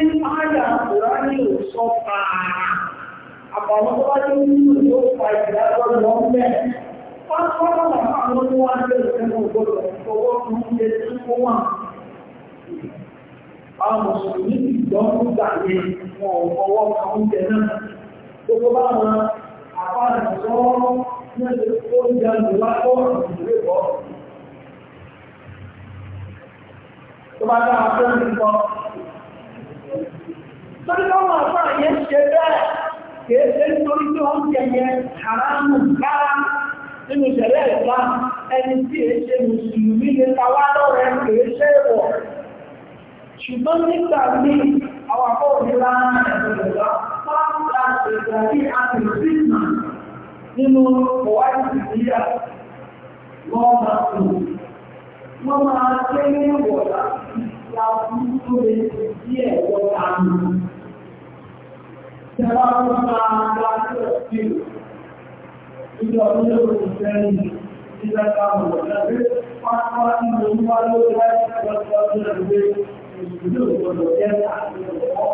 tí áyà ìrání ò sọ pààrà àpàwọn tó bá jẹ́ nínú ìlú pa ìdájọ́ lọ mẹ́ pásọ́lọ́ àwọn àwọn tó wá jẹ́ ìṣẹ́gun ògbọ́dọ̀ fọwọ́ fún ilé tí ó wà àwọn mùsùlùmí ìgbọ́nú gbà ní wọn ò fọwọ́ kan oúnjẹ náà gbogbo bá wọn àpáàdùsọ́ ní ẹgbẹ́ oúnjẹ lùlákọ́ ìdílé bọ́ dáa fún ìgbọ́n torí lọ́wọ́ àfáà yẹn ṣe bẹ́ẹ̀ kìí ṣe nítorí tí wọ́n jẹ yẹn haramu kára nínú ìṣẹ̀lẹ̀ ìgbà ẹni tí èé ṣe mùsùlùmí lè tawá lọ́rẹ̀ kìí ṣe wọ̀ ṣùgbọ́n nígbà míì àwọn òmìnira nínú ọwájú ìdíyà wọ́n máa tó ní wọ̀lá ya tó lè ṣe díẹ̀ lọ́ta mi. Ìjọba ló máa ń gbá sí ọ̀sẹ̀ ìlú ọdún lórí ìfẹ́rin ìjọba mọ̀lẹ́gbẹ́ pápá nínú wá lórí láti ọjọ́ ọdún ẹgbẹ́ ìlú òkòdó jẹ́ àti ọ̀pọ̀.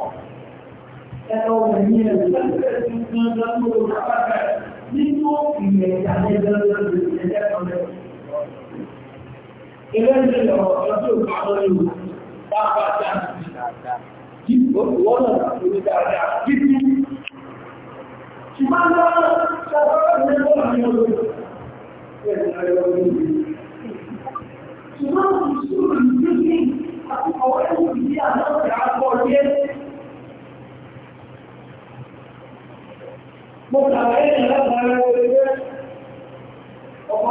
Ẹ̀rọ ẹ̀yìn ẹ̀rọ ìgbàlẹ́ tí ó ń lọ lórí àpapẹ̀ nínú ìyẹ̀ ìjàlẹ́gbẹ́ lórí ìjẹ́jẹ́ kan lẹ́wọ̀. Ilé ìjọba ọ̀pọ̀ tó ń bá lórí ìwòsàn bàbá dáàbì kí wọ́n náà lórí dáadáa kí tí ṣùgbọ́n náà ṣàbára ní ọjọ́ àmì ọdún ṣùgbọ́n ìṣúrù ìdíkì àti ọwọ́ ẹ̀kùn ìdí àmọ́ta àpọ̀ yẹ́ mo kàwé ẹ̀yìn látàrí ọmọ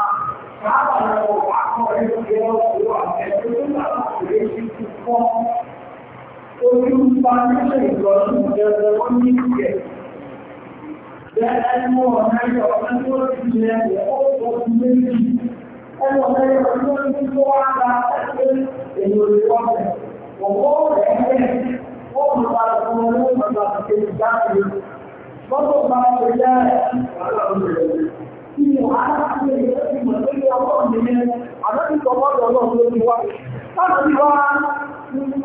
sábà lọ́wọ́ àkọ́ ẹgbẹ́ ọ̀pọ̀ àtẹ̀síwọ́n láti lè ṣe ti fọ́. Ojú pa nílé ìlọ́sùn ìjọba ó ní ìjẹ́. Bẹ́ẹ̀ mú ọ̀nà ìjọ ọ̀nà tó ti jẹ ọ̀pọ̀ ọdún méjì. Ọmọ ọ̀nà ìjọ tó ti tó wá gba ẹgbẹ́ èyí ò lè wọ́pẹ̀. Ọ̀wọ́ rẹ̀ ẹ̀ ó mú padà fún ọmọ ọmọ ìgbà tó ti jáde. Bọ́tò pa ọ̀pẹ̀ jẹ́ àti wàhálà àti ẹ̀yẹ́ ìmọ̀ lórí ọlọ́run nìyẹn àdájú sọ bọ́ọ̀lù ọlọ́run ló ti wá láti wá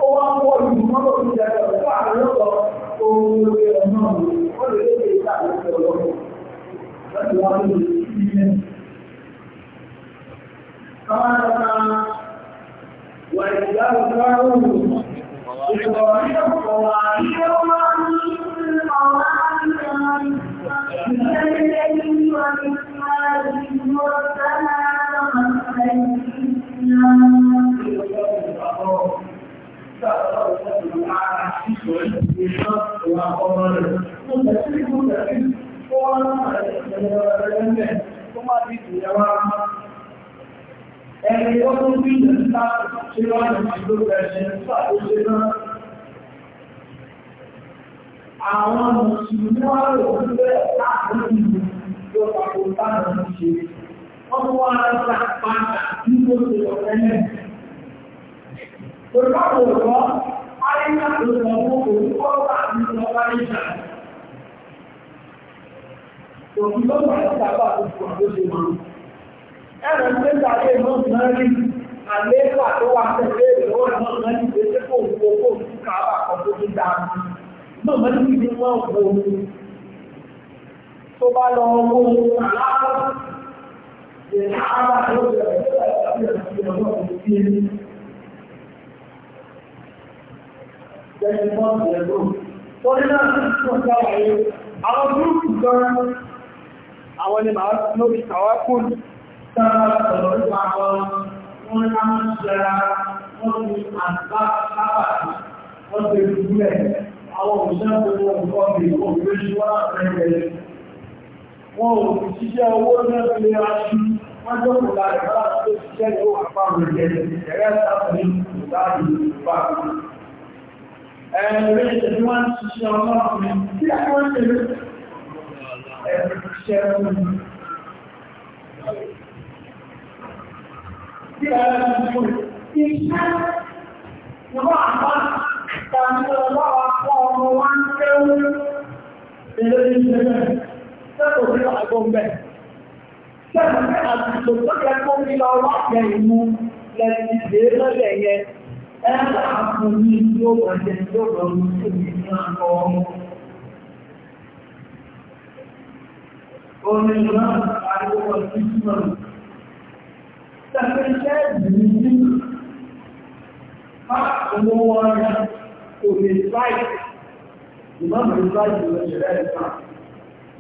ó wá wọ́ ìlú mọ́tò tó jẹ́ ẹ̀rọ fún ààrẹ lọ́sọ ohun lórí ẹ̀rọ náà ó lè lè lè ta àlejò ọlọ́run láti wá lórí ìpínlẹ̀. Kọ́mọ́tà wà ìgbà ìgbàrún ìgbọ̀nrín ọ̀pọ̀ àríyọ́ máa ń ní àwọn àríyàn ìgbàlódé ربنا ومسينا Ẹni wọ́n rò wípé láàrín ìlú tó pàtó táwọn ṣe ọmọ ara pàtà nígbò tó lọ ẹlẹ́. Òrùka kò rọ́, Aisha tó sọ fún orúkọ wà ní ọba Aisha. Òkú tó wà ní ìjàmbá tó fún àbó ṣe wọn. Ẹ̀rọ ń gbégbá lé ìmọ̀ náà rí àlééfà tó wà tẹ̀lé ìwọ́ ìmọ̀ náà ní ìgbésẹ̀ kò wù owó òkú kàwà kan tó tó dáa. Náà mọ́ níbi wọ́n wò ó. Tó bá lọ owó Àwọn gúrùkù gan àwọn ni màá lórí kàwákùn tààrà ọ̀rọ̀ ìpa àwọn wọn ní àwọn ìṣẹ́ra wọ́n ti àgbà sábàtì wọ́n ti rúgbẹ̀ àwọn òṣèrè ọ̀pọ̀ ìgbòmìnirí wọ́n rẹ̀ wọn ò fi ṣiṣẹ́ owó náà lè aṣí wọ́n tó kò láì bá tó ṣiṣẹ́ tó àpapọ̀ ìjẹ̀lẹ̀ ẹ̀rẹ́ sáfẹ́ láti bá ẹ̀rẹ́ ìṣẹ̀lẹ̀ wọ́n ṣiṣẹ́ ọlọ́run tí a wọ́n ṣe ẹ̀rẹ́ ṣiṣẹ́ Kí a rẹ̀ tuntun, iṣẹ́ ìwọ̀n àpá tàbí ọlọ́wà fún ọmọ wá ń ilé ìṣẹ́lẹ̀ sẹ́kọ̀ sí àgbọ̀nbẹ̀. Sẹ́kọ̀ sí àtìsò tó yẹ kó ní lọ wá jẹ ìmú lẹ́yìn ìdè lọ́lẹ̀ yẹn. Ẹ láàfún ní yóò wà jẹ yóò lọ mú sí mi ní àkọ́ ọmọ. Orin náà ariwo sí símọ̀. Sẹ́kọ̀ iṣẹ́ ìdìní ní Fáàkùn owó ọ̀rẹ́ kò lè láì. Ìmọ̀ mi láì lọ ṣẹlẹ̀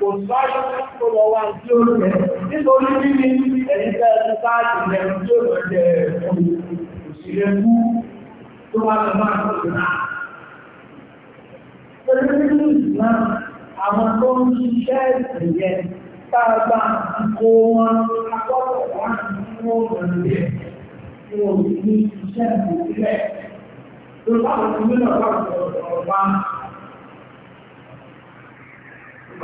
kò sáré tó lọ wá sí oúnjẹ nítorí níbi ẹ̀yìn tẹ́ẹ̀tì sáàtì lẹ́nu tí ó lọ jẹ òṣìlẹ̀ mú tó wá lọ máa tó lọ náà. Pẹ̀lú nínú ìsìláà, àwọn tó ń ṣiṣẹ́ ẹ̀sìn tààgbà kó wọn akọ́kọ̀ wá ní wọ́n lè tí wọ́n ní iṣẹ́ ìpínlẹ̀. Lọ́pàá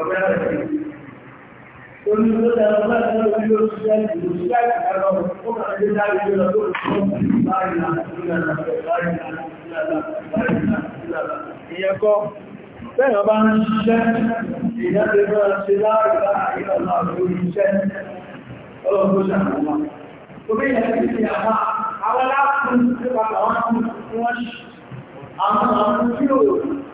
Olùdókòtà ọba tí ó rí oṣìṣẹ́ ìlúṣẹ́ ìkàlọ́ fún àjẹ́dá ìjọ lọ́dún tó ń bá ìlànà ìlànà ìlànà ìlànà ìlànà ìyẹ́kọ́. Bẹ́ẹ̀ bá ń ṣiṣẹ́ ìdájẹ́ bá ṣe láàrùbá ìlànà lórí iṣẹ́ ọlọ́gbọ́sà àwọn. Omi ìyẹn ti àwọn àwọn aláàfin tí wọ́n ṣe àwọn àwọn tí ó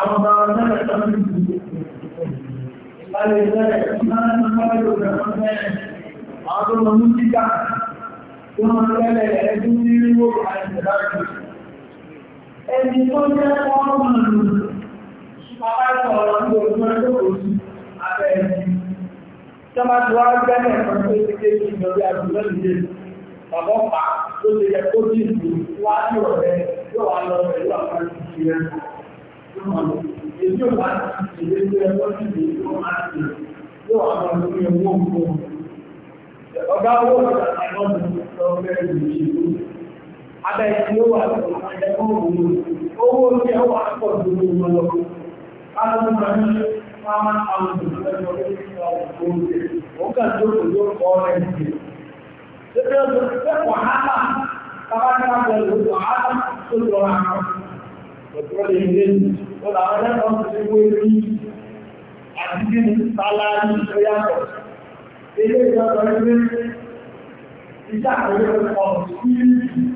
àwọn bá wọn tó ń bí ìpàlẹ̀ rẹ̀ máa ń mọ́ tó mọ̀ ní ẹni tó jẹ́ ọmọ ìlú pàpàtà ọ̀rọ̀ ní òṣùwọ̀n tó kò sí abẹ́ ẹni tọ́mà tó wá gbẹ́lẹ̀ kan tó ti ké ní ìjọba àdúgbò ìdè bàbá pa tó ti yẹ kó ní ìlú wá ní ọ̀rẹ́ yóò wá lọ èyí ò bá ti ṣe ilé ẹgbẹ́ ìlú yóò máa ṣe yóò àwọn olórí owó owó ọgá owó ìgbàlódé ọgbẹ́ ìlú ìlú abẹ́ tí ó wà ẹ̀kọ́ òun owó tí ó wà pọ̀ tó ló wọn lọ káàkiri máa ń ṣe máa máa àwọn ìgbàlódé ọgbẹ́ ìlú ọgbẹ́ òun kà tó kò yóò kọ́ ẹ̀ sí pẹ̀tọ́lẹ̀ ilé tó làwọn ẹ̀kọ́ ti wé rí àti bí ní sálárì tó yàtọ̀. Ilé ìjọba ilé iṣẹ́ àkọlẹ̀ ọ̀ sí ilé ìsìn.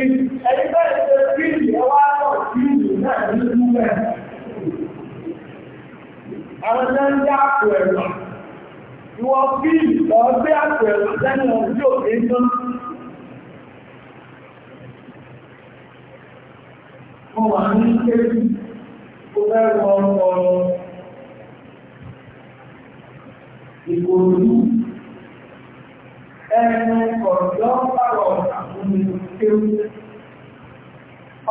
Ẹni bẹ́ẹ̀ ṣe sí ìyẹwà ọ̀ sí ìlú náà ní ìlú bẹ́ẹ̀. Àwọn ẹ̀jẹ̀ ń dá àpò ẹ̀rọ. Ìwọ̀n fíìlì lọ gbé àpò ẹ̀rọ sẹ́nu ọ̀dí wọ́n wà ní kéjì tó bẹ́rọ ọkọ̀ ìgbòrò ẹnu ọ̀dọ́ pàrọ̀ àkúnmí kéwù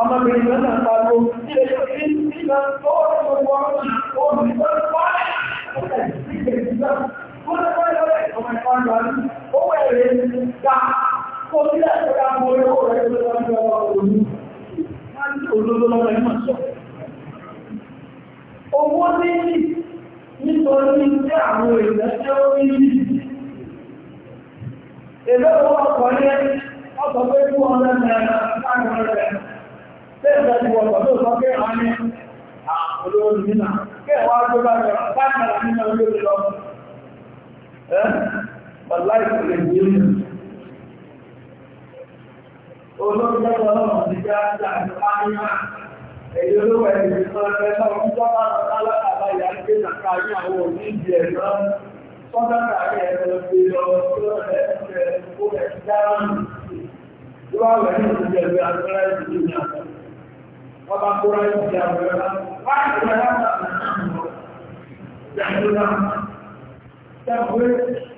ọmọbìnrin lọ́nà pàtó tí ó ti ń bí lọ tó ọ̀pọ̀ ọ̀pọ̀ ọ̀pọ̀ ọ̀pọ̀ ọ̀pọ̀ ọ̀pọ̀ olóòlò lọ́wọ́ ẹ̀mọ̀ sọ. Owó nílì nítorí tí àwọn èèyàn tí ó rí ní ẹgbẹ́ owó ọkọ̀ ní ọkọ̀ pé kú ọ̀nà mẹ́rin láàrin ọ̀rẹ́ Tẹ́ẹ̀sẹ̀ ti wọ̀pọ̀ tó sọ pé a ní olóòlù nínà, kẹwàá tó bá rẹ̀ bá kàrà nínà olóòlù lọ. Ẹ́ olóòjẹ́kọ̀ọ́ náà ti láti pàáyà èyí olówó ẹ̀yìn ìfọ́nrẹ́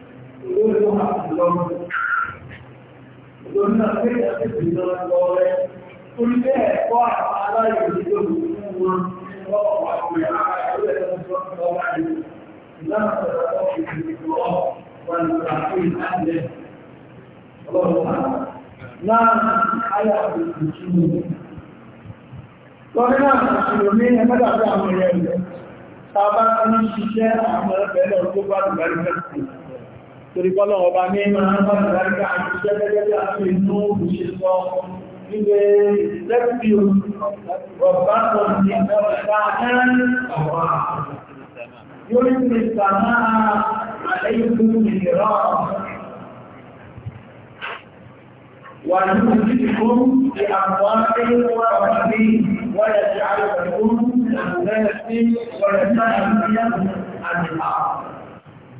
náà ń ìjọ náà fẹ́jà sí ìjọ lọ rẹ̀ tó ní bẹ́ ẹ̀kọ́ aláyò nílò fún wọn lọ́wọ́ àwọn aráàlú ẹ̀kọ́ tó ń lọ wáyé ìlànà ọ̀rọ̀ ìgbìmọ̀ wọn ní àpò ìlànà ọlọ́pàá láàrín àyà ìtùtù lọ́rí náà ìṣòro ní ẹgbẹ́dàgbà àwọn ẹ̀rẹ́ rẹ̀ sábà ń ṣiṣẹ́ àwọn ẹgbẹ́ lọ tó bá dùgbàrí mẹ́sìn torí bọ́lọ̀ ọba ní máa ń bá ìdáríkà àti iṣẹ́ gẹ́gẹ́ bí àti inú òṣìṣẹ́ sọ nílé ìrẹ́pì ọ̀bá kan ní ọ̀pá ẹ̀rìn ọ̀wà yóò ní ìsàmà àlẹ́yìnkún ìrọ̀ wà ní ìdíkún ti àwọn akẹ́kọ̀ọ́ ọ̀rẹ́ wọ́n yẹ ti àrẹ̀kùn ìrẹ́pì ọ̀rẹ́ náà ní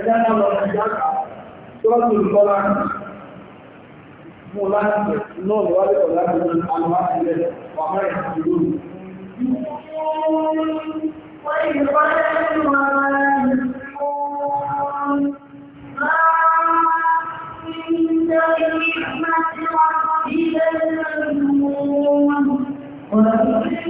ẹjá náà lọ ìjáka tó rọ́tù ìkọlá mú láti náà lọ́wọ́dé ọ̀lá Thank you.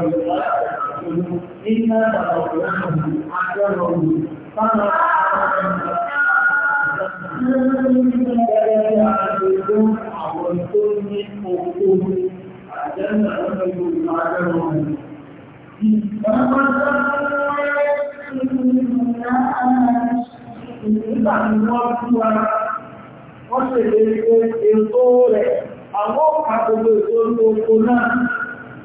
Nígbà àwọn ọ̀pàá gbogbo ètò olóko náà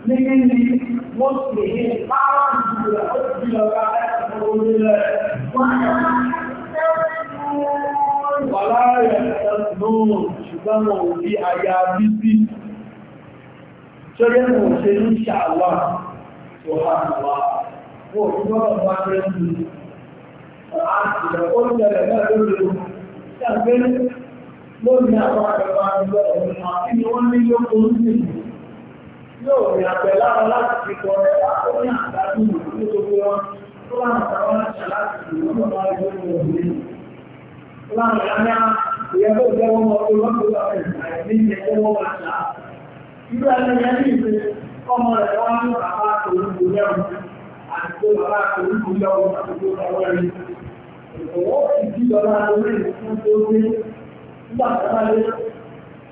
mengenai muslim haram juga juga kata boleh wala yastanun ṣùgbọ́n wọn ò bí aya bíbí ṣọ́rẹ́ mọ̀ ṣe ní ṣàwà tó ha wà wọ́n ò gbọ́nà wá rẹ̀sù àti ọ̀pọ̀lọpọ̀ náà lórí ṣàgbé lórí àwọn àgbà àgbà ọ̀nà àti ni wọ́n ní yóò kó ń sìn yóò rìn àpẹ lára láti fi kọ ní àgbájú ìlú wọn tó láwọn àwọn àṣà láti ìlú náà ní òbí. Láwọn ìyá ìyẹn wọn mọ tó lọ́pọ̀ ní ìyẹn tó wọ́n máa ṣá. Irú ẹni yẹn ní ìpè ọmọ ní bàbá àtòrúkú lẹ́wọ̀n àti tó bàbá àtòrúkú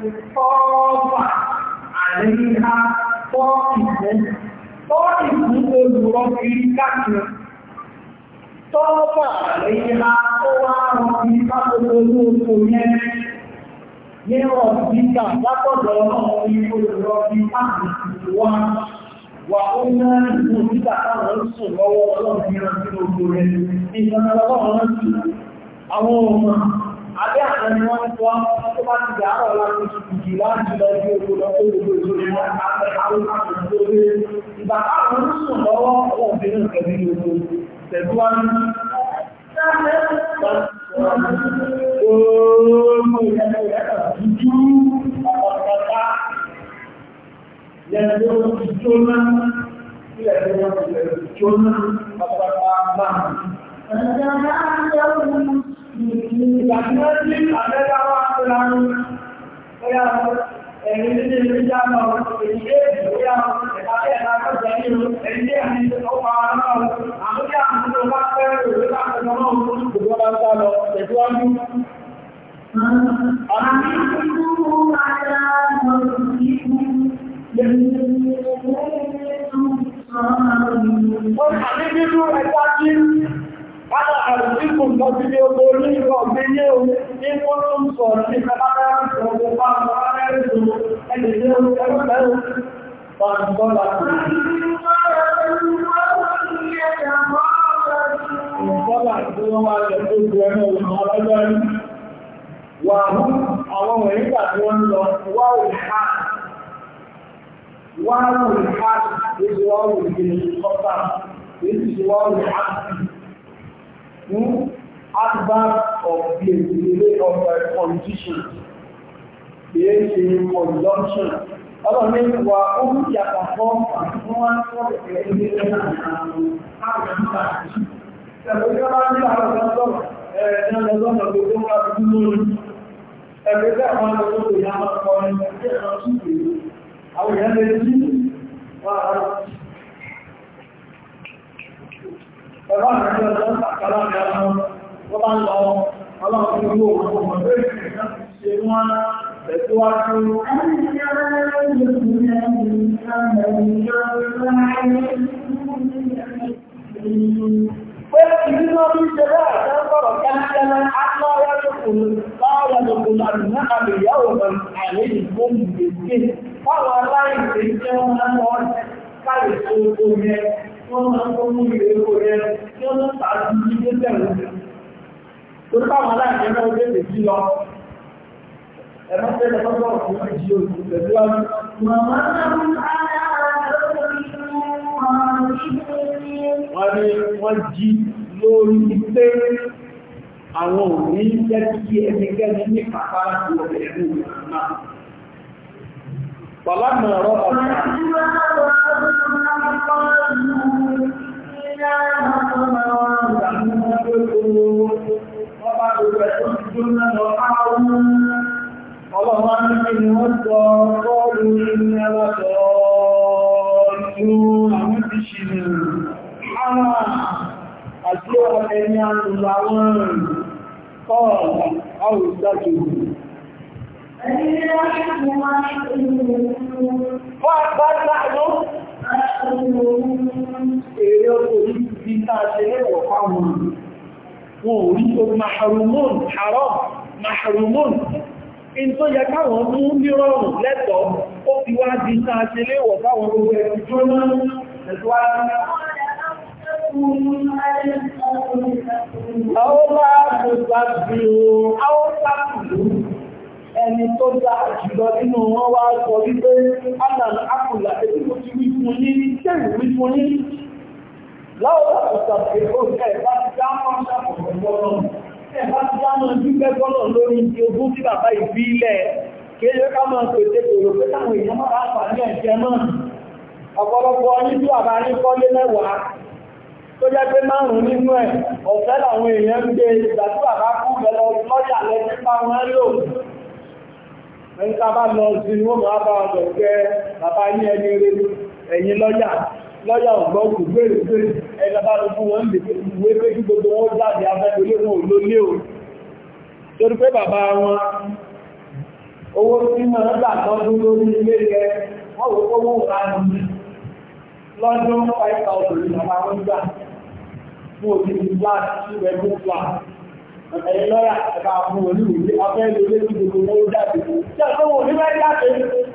ọgbà àríhá tọ́ọ̀kì tọ́ọ̀kì fún olùrọ̀ kiri káàkiri tọ́ọ̀bà àríhá tó wá rọ̀ kiri káàkiri olóòtò yẹn ní ọ̀pítà látọ̀dọ̀ ọmọrin olùrọ̀ kiri káàkiri wá wà ó náà ìlú títà táwọn ń sùn lọ́wọ́ ọlọ́run ní ọdún ogun rẹ̀ ìgbọ̀nà ọlọ́run rántí àwọn ọmọ abẹ́ àwọn ni wọ́n ń kọ́ tó bá ti dàárọ̀ láti ìjì láti lọ sí ogun lọ sí ogun ìjọ ni wọ́n máa fẹ́ àwọn àtúntò lé ìgbà táwọn ń sùn lọ́wọ́ ọwọ́ obìnrin kan ní ogun tẹ̀síwájú. Oòrùn ìrẹ̀lẹ̀ rẹ̀ dúdú ọ̀pọ̀ta yẹn tó ti jóná ilẹ̀ tó wọ́n ti jóná ọ̀pọ̀ta máa. Ẹ̀jẹ̀ máa ń yẹ ìgbàtíwọ́sí àmẹ́dáwà àpẹẹrẹ ọ̀yá ẹ̀rin ní ilé ìjánu èyíké ìgbòyà ẹ̀kàlẹ́ ẹ̀lákọ́jẹ́ nínú ẹ̀yíké àti ọpa aráwọ̀ àmúkẹ́ àmúkẹ́ bá fẹ́rẹ̀ òwe láti ọmọ òun gbogbo bá ń sá lọ tẹ̀síwájú. Àmì ìgbòho máa ń Ara àrùsíkù lọ sí ilé owó onígbà ọ̀gbẹ́lé ohun ní wọ́n ń sọ sí ìpàdánù ọgbọ̀n bá ọmọ arẹ́rùn ẹni tí ó ń tẹ́lẹ̀ mẹ́rin. Bọ́ọ̀lá kò rí. Bọ́ọ̀lá tí wọ́n máa rẹ̀ tó gbọ́ ẹ̀rọ ìmọ̀ ọlọ́jọ́ rí. Wà mú àwọn òyìnbà tí wọ́n lọ wá òyìnbà. Wá òyìnbà tí wọ́n wù fún advert of the delay of the condition kìí ṣe consumption ọlọ́run ní ìwà ohun ìyàtọ̀ fún àwọn wọn tó bẹ̀rẹ̀ ilé náà àwọn àwọn ìgbà tí ẹgbẹ̀rẹ̀ bá ní àwọn ọ̀gá sọ̀rọ̀ ẹ̀ẹ́dẹ́gbẹ̀rẹ̀ lọ́nà gbogbo ń bá dúdú lórí ẹgbẹ̀rẹ̀ àwọn ọ̀gá tó yà máa kọrin ẹgbẹ̀rẹ̀ àwọn ìgbà tí àwọn ìyá ẹ̀rọ àrẹ́lẹ́ ọjọ́ sàkálà ní ọmọ wọ́n bá lọ ọlọ́run ní owó ọmọ lórí ìrìnà ṣe wọ́n tẹ̀síwájú ẹni tí ó rẹ̀ báwọn aláìsí ẹgbẹ́ ó tètè sí lọ ẹ̀rọ wọ́n jí lórí pé àwọn òní jẹ́ kí ẹnikẹ́ni ní pàpá sí ọ̀rẹ́ ẹ̀rù náà. Bàbá mọ̀ ọ̀rọ̀ ọ̀rọ̀ gbogbo ẹ̀tọ́ ti jóná lọ ní kí wọ́n sọ kọ́ọ̀lù ẹni àtùlọ àwọn èrè òkú ní ìta ṣe lẹ́wọ̀ fáwọn wọn ò rí o maharumun haram maharumun in tó yẹ káwọn mú nírọ̀rùn lẹ́tọ̀ọ́ ó fi wá di sáà ṣe léwọ̀ fáwọn gbogbo ẹ̀ Ẹni tó dá jùlọ nínú wọn wá sọ wípé, Adam Akùnlá, èdè tó ti wí fún yí, ṣe ìwí láwọn àtàkùn ìfẹ́ bá ti dámọ́ ṣàkùnrin bọ́lọ̀ ẹ̀ bá ti dámọ́ dúpẹ́ bọ́lọ̀ lórí ti ogún tí bàbá ìbílẹ̀ kéyẹ ká máa pèsè kòrò pé táwọn èèyàn máa rápa ní ẹ̀jẹ̀ náà ọ̀pọ̀lọpọ̀ ní tí bàbá ní kọ́lé mẹ́wàá tó jẹ́ pé márùn-ún nínú ẹ̀ ọ̀fẹ́ làwọn èèyàn ń gbé ìgbà tí bàbá kú bẹ̀rẹ̀ lọ́jà lẹ́sí bá wọn lò ẹ̀ńtà bá lọ sí ni wọ́n máa bá ọ̀dọ̀ jẹ́ bàbá ní ẹni lọ́yà ọ̀gbọ́n kò gbèrè pé ẹgbàbára fún wọn lè wé pé kí gbogbo wọn jáde wọn o torí pé bàbá wọn owó tí mọ̀ ń gbà tọ́dún lórí ilé yẹ wọ́n wò ó lọ́dún 5,000 bàbá wọn gbà fún ẹgbẹ́ ẹ̀yìn lọ́yà ẹ̀ka fún òní ìwé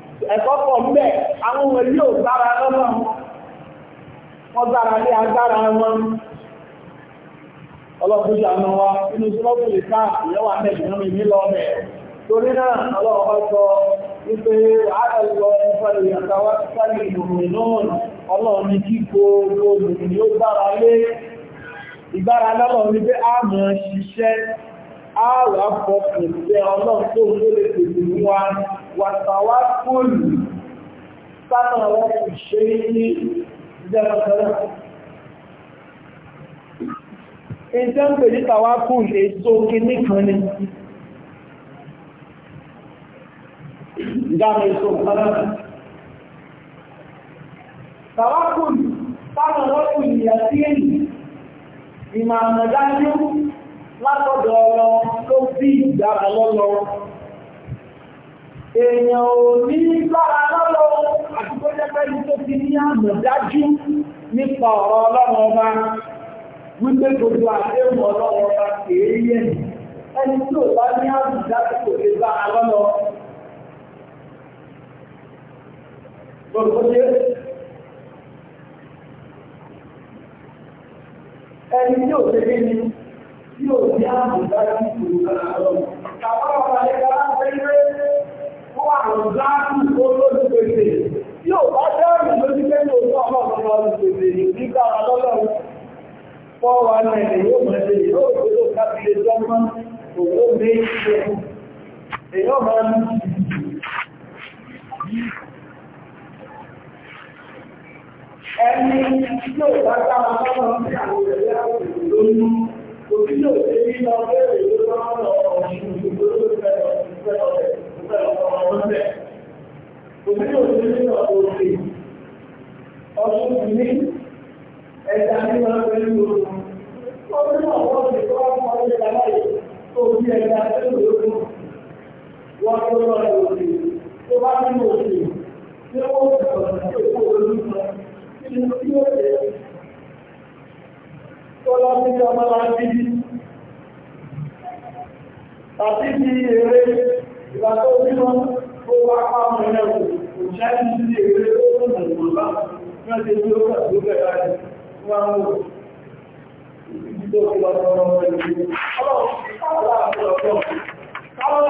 ẹ̀kọ́ pọ̀ mbẹ́ àwọn ohun èyí dára lọ́nà wọ́n dára ní agbára wọn ọlọ́pùn ìṣàánú wa inú sọ́pù lè ká mẹ́ torí náà ọlọ́pàá sọ wípé àtàlùwọ̀ ìfẹ́lẹ̀ ìyàtàwà náà wàtàwà kóòlù sánà rẹ̀ ṣe ní ìjẹ́mọ̀sẹ̀rẹ̀. Ìjẹ́ ń pè ní tàwà kóòlù èso kìíní kan ni. Ìjáàmù èso kanáà. Tàwà kóòlù sánà rẹ̀ ìyà sí èyí, ìmọ̀ àmọ̀dájú látọ̀dọ̀ ọlọ́ tó bí ìgbà lọ́lọ́wọ́ èèyàn ò ní lára lọ́lọ́ àti tó jẹ́pẹ́ ní tó ti ní àmọ̀ dájú nípa ọ̀rọ̀ ọlọ́run ọba wípé gbogbo àdéhùn ọlọ́run ọba kèé yẹ ẹni tí ò bá ní àmọ̀ dájú kò lè bá a lọ́lọ́ gbogbo ẹni tí ò tẹ́lẹ̀ ní tí ò ní àmọ̀ dájú kò lè bá a lọ́lọ́ ó wà ní záàkù ó lójú pèsè tí ò bá dẹ́rùn lójú pé ní ojú ọmọ ọmọ ọmọ pèsè nígbà ọlọ́run fọ́wà náà yóò mọ̀ yóò tó ló kábílẹ̀ jọmọ́ òwò méjì ìlú lórí tó bí yóò ṣe rí lọ fẹ́ ọmọ ọdún bẹ̀. Òbí yóò ṣe nínú ọ̀pọ̀ òṣè. Ọdún ti ní ẹja ní wọn pẹ̀lú ogun. Ọdún náà wọ́n ti kọ́ ọmọ ọdún láláyé tó bí ẹja pẹ̀lú ogun. Wọ́n tó lọ ẹ̀ òṣè. Tó bá nínú òṣè. ti sọ̀rọ̀ sí ìgbà ọmọ ìlú. Ọlọ́run, káwọn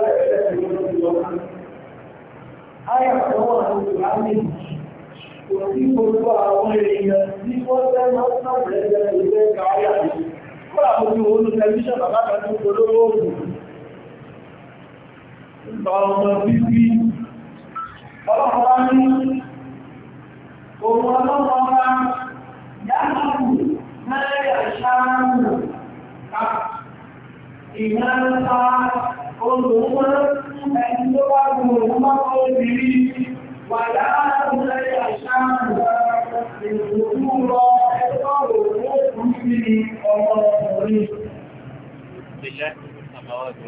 láti àyàtọ̀wọ̀ olùwọ́n ẹni tó bá gbọ́ òun máa kọ́ obìnrin wà láàárín lẹ́yìn àṣà ìgbòkú lọ ẹgbọ́ òun ó kú sí ọmọ ọkùnrin.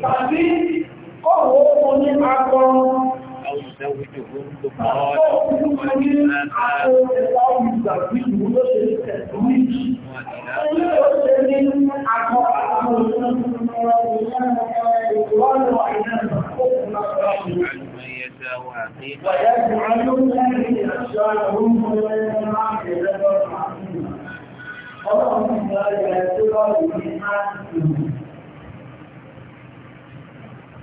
Tàbí kọ̀wọ́ oní akọ ويزوجهن قال ويجعل الذين يخشونهم ولا معجزة معصومة اللهم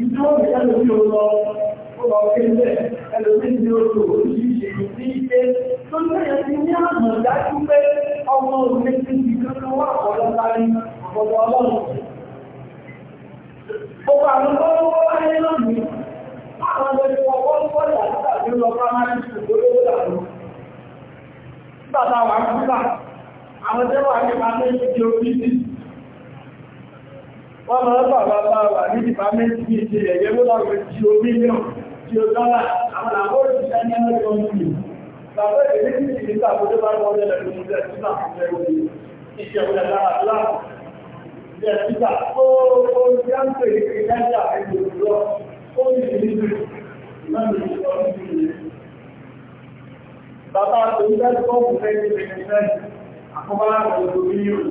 Gbogbo àwọn ọlọ́wọ́ wáyé lọ́nà àwọn ọmọdé ọkọ̀ ọ̀pọ̀lá tàbí lọ primary school tó lówó làwọn. Nígbàtà wà ń kúrà, àwọn tẹ́wàá ní pàtẹ́ ìjọ wọ́n máa bàbá bá wà ní dìpámẹ́ntì ní ìṣe ẹ̀yẹ́ ló láwẹ̀ tí ó mílíọ̀n tí ó dọ́là àwọn àwọn òṣìṣẹ́ ní ọjọ́ ìlú bàbá ìdílé ti ti nígbà tó bá wọ́n lẹ́lẹ̀ tó ń jẹ́ sígbà tó fẹ́ wọlé iṣẹ́ òun lára láàbù jẹ́ sígbà ó ó ti á ń pè ní ìdájà ìgbòrò ó ní ìlú bàbá tó ń jẹ́ tó kọ́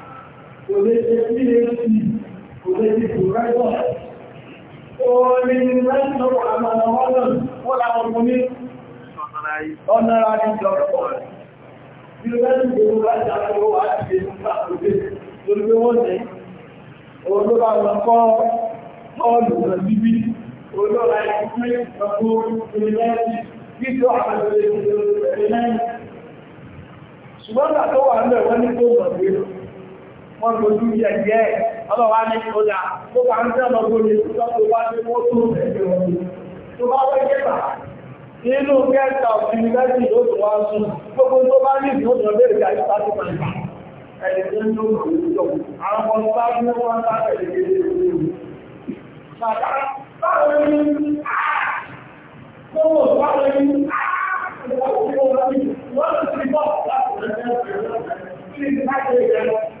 kò lè ṣe PhD kò lè ṣe pòrẹ́tọ̀ orí láti lọ́wọ́ àwọn ọmọdún wọ́n láwọn ọmọ ní ọ̀nà àjíjọ pọ̀ bí ó láti gbogbo láti àwọn ọmọ àti ìgbà òjò torí pé wọ́n ní olóra lọ́kọ́ ọlù rẹ̀ bíbí olóra ìpínlẹ̀ ọgbọ́ ìrìnlẹ́yìn títọ́ àwọn ìrìnlẹ́yìn ṣùgbọ́n wọ́n lójú yẹ̀yẹ́ ọlọ́wà ní ọjà tó bá ń tẹ́ lọ́gbọ́n tó bá ní wọ́n tó wá sùn gbogbo tó bá ní ìlú ọdún ọdún ìgbà yìí sáájú kan ìgbà ẹni tó ń lò ó lójọ àwọn ọmọ bá ní wọ́n bá tẹ̀lé kéde lórí bàbá báwo ni tó wọ́n báwo ni wọ́n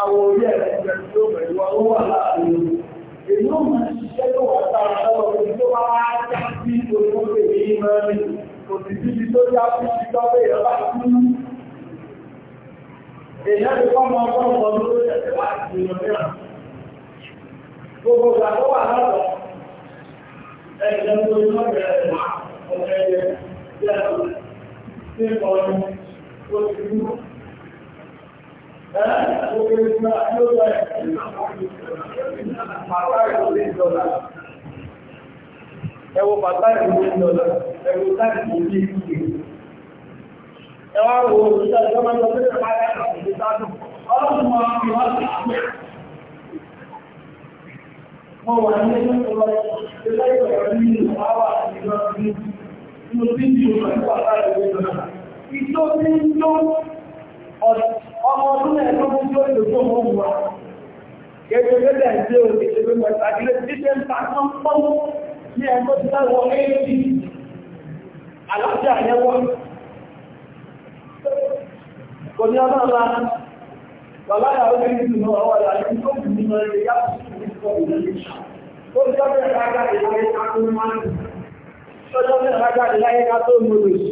àwọn orí ẹ̀rẹ́ ìjẹ́ tí ó pẹ̀lú ọwọ́ wà láàrin òun. Èyí ó máa ṣiṣẹ́ tó wà sára lọ́wọ́ orí tó bá wá já sí olóògbé ní ìmọ̀rin. Kò sì síbi tó já sí ti tọ́pẹ́ ìrọ̀lá kú. Èèyàn ti kọ́ mọ ọgbọ́n ọdún tó ṣẹ̀ṣẹ̀ wá sí ìlú mìíràn. Gbogbo Ẹwọ bàbá ìlú ìjọba, ẹwọ táìkì ní ìgbè. Ẹwà wo òṣìṣẹ́ ìjọba lọ sí ìpàdé àti ìdádùn. Ọlọ́run mọ́ àwọn ìwádìí. Mo wà ní ìjọba, ìjọba ìjọba ní ìwà wà ní ìjọba ní ìjọba ní ìjọba ní ìjọba ọmọ ọdún mẹ́ẹ̀ẹ́dógún tí ó lè tó mọ́ wà kéde lẹ́lẹ̀ ìdí òní ìṣẹ́gbẹ́ mẹ́ta ilé títí ń ta tán pọ́wọ́ ní ẹgbẹ́ ti láwọ éèdì àlàáfíà yẹwọ́ kò ní ọmọ ọmọ bàbá ìyàwó ní ìlú náà ọwọ́ ìyá ní tó kù nínú ẹgbẹ́ yá Tó jọ́ mẹ́rin rájáde láyé ká tó mọ́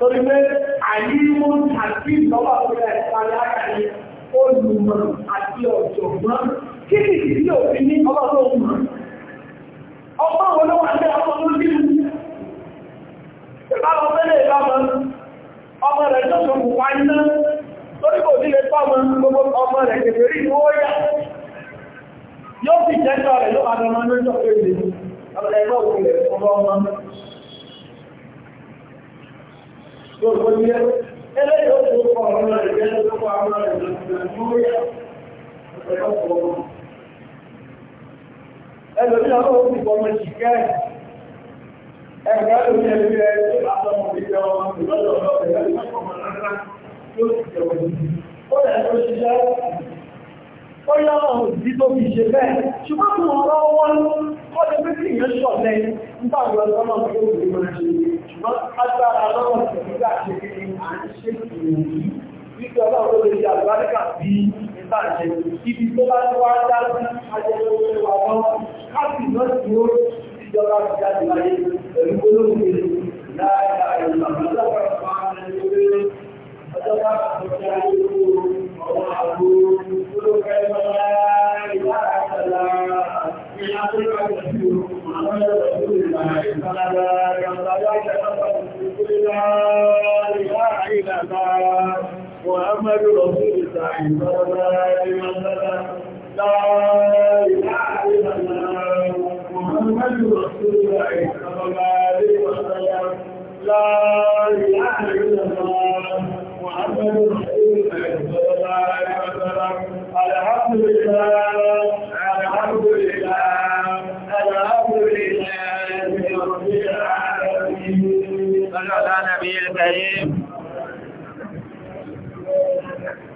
torí pé àyíwò àti ìtọ́wọ́ àpẹẹrẹ ìpàdé àkàrí olùmọ̀ àti ọ̀jọ̀gbọ́n kí ni ìdí tí òfin ní ọlọ́rọ̀ òmùmọ̀ ọgbọ́n wọn ló wà ní ọmọ tó dí mú ìbáwọn fẹ́lẹ̀ ìbámọ́ ọmọ rẹ̀ tó sọ wà iná torí kò nílé pọ́mọ gbogbo ọmọ rẹ̀ kèfè rí owó yá yóò fi jẹ́jọ́ rẹ̀ ló wà lọ́mọ lójọ́ pé tó kó yẹ eléyìí ó ti kọ ọ̀rọ̀ rẹ̀ jẹ́ tó kọ àwọn rẹ̀ lórí ẹ̀kọ́ ọ̀rọ̀ ẹlòmí àwọn òbí ọmọ ìṣìkẹ́ ẹgbẹ́ lórí ẹgbẹ́ ẹgbẹ́ àtọmọ̀ ìjọ ọmọ ìlọ́dọ̀ ọ̀rọ̀ ẹgbẹ́ ọmọ rárá yóò ti jẹ ọmọ ó yẹ kó ṣiṣẹ́ ó yá ọ̀hún sí tó fi ṣe bẹ́ẹ̀ ṣùgbọ́n tó ọ̀rọ̀ wọn kọ́ lè pé kí ìyẹn ṣọ̀lẹ́ nígbà wọn sọ́nà tó kò ṣùgbọ́n agbára lọ́wọ́ ìgbà ṣe kí ni à ń ṣe ìròyìn nígbà ọlọ́run ló lè ṣe àlùbáríkà bí nígbà ṣe ibi tó bá ti wá dá sí ajẹ́lẹ́wọ́ wa lọ́wọ́ káàkiri náà tí ó ìjọba ti jáde láyé pẹ̀lú gbólóhùn محمد رسول الله صلى الله عليه وسلم لا اله الا الله محمد رسول الله صلى الله عليه وسلم لا اله الا الله محمد رسول الله صلى الله عليه وسلم الحمد لله الحمد لله الحمد لله رب العالمين صلى على النبي الكريم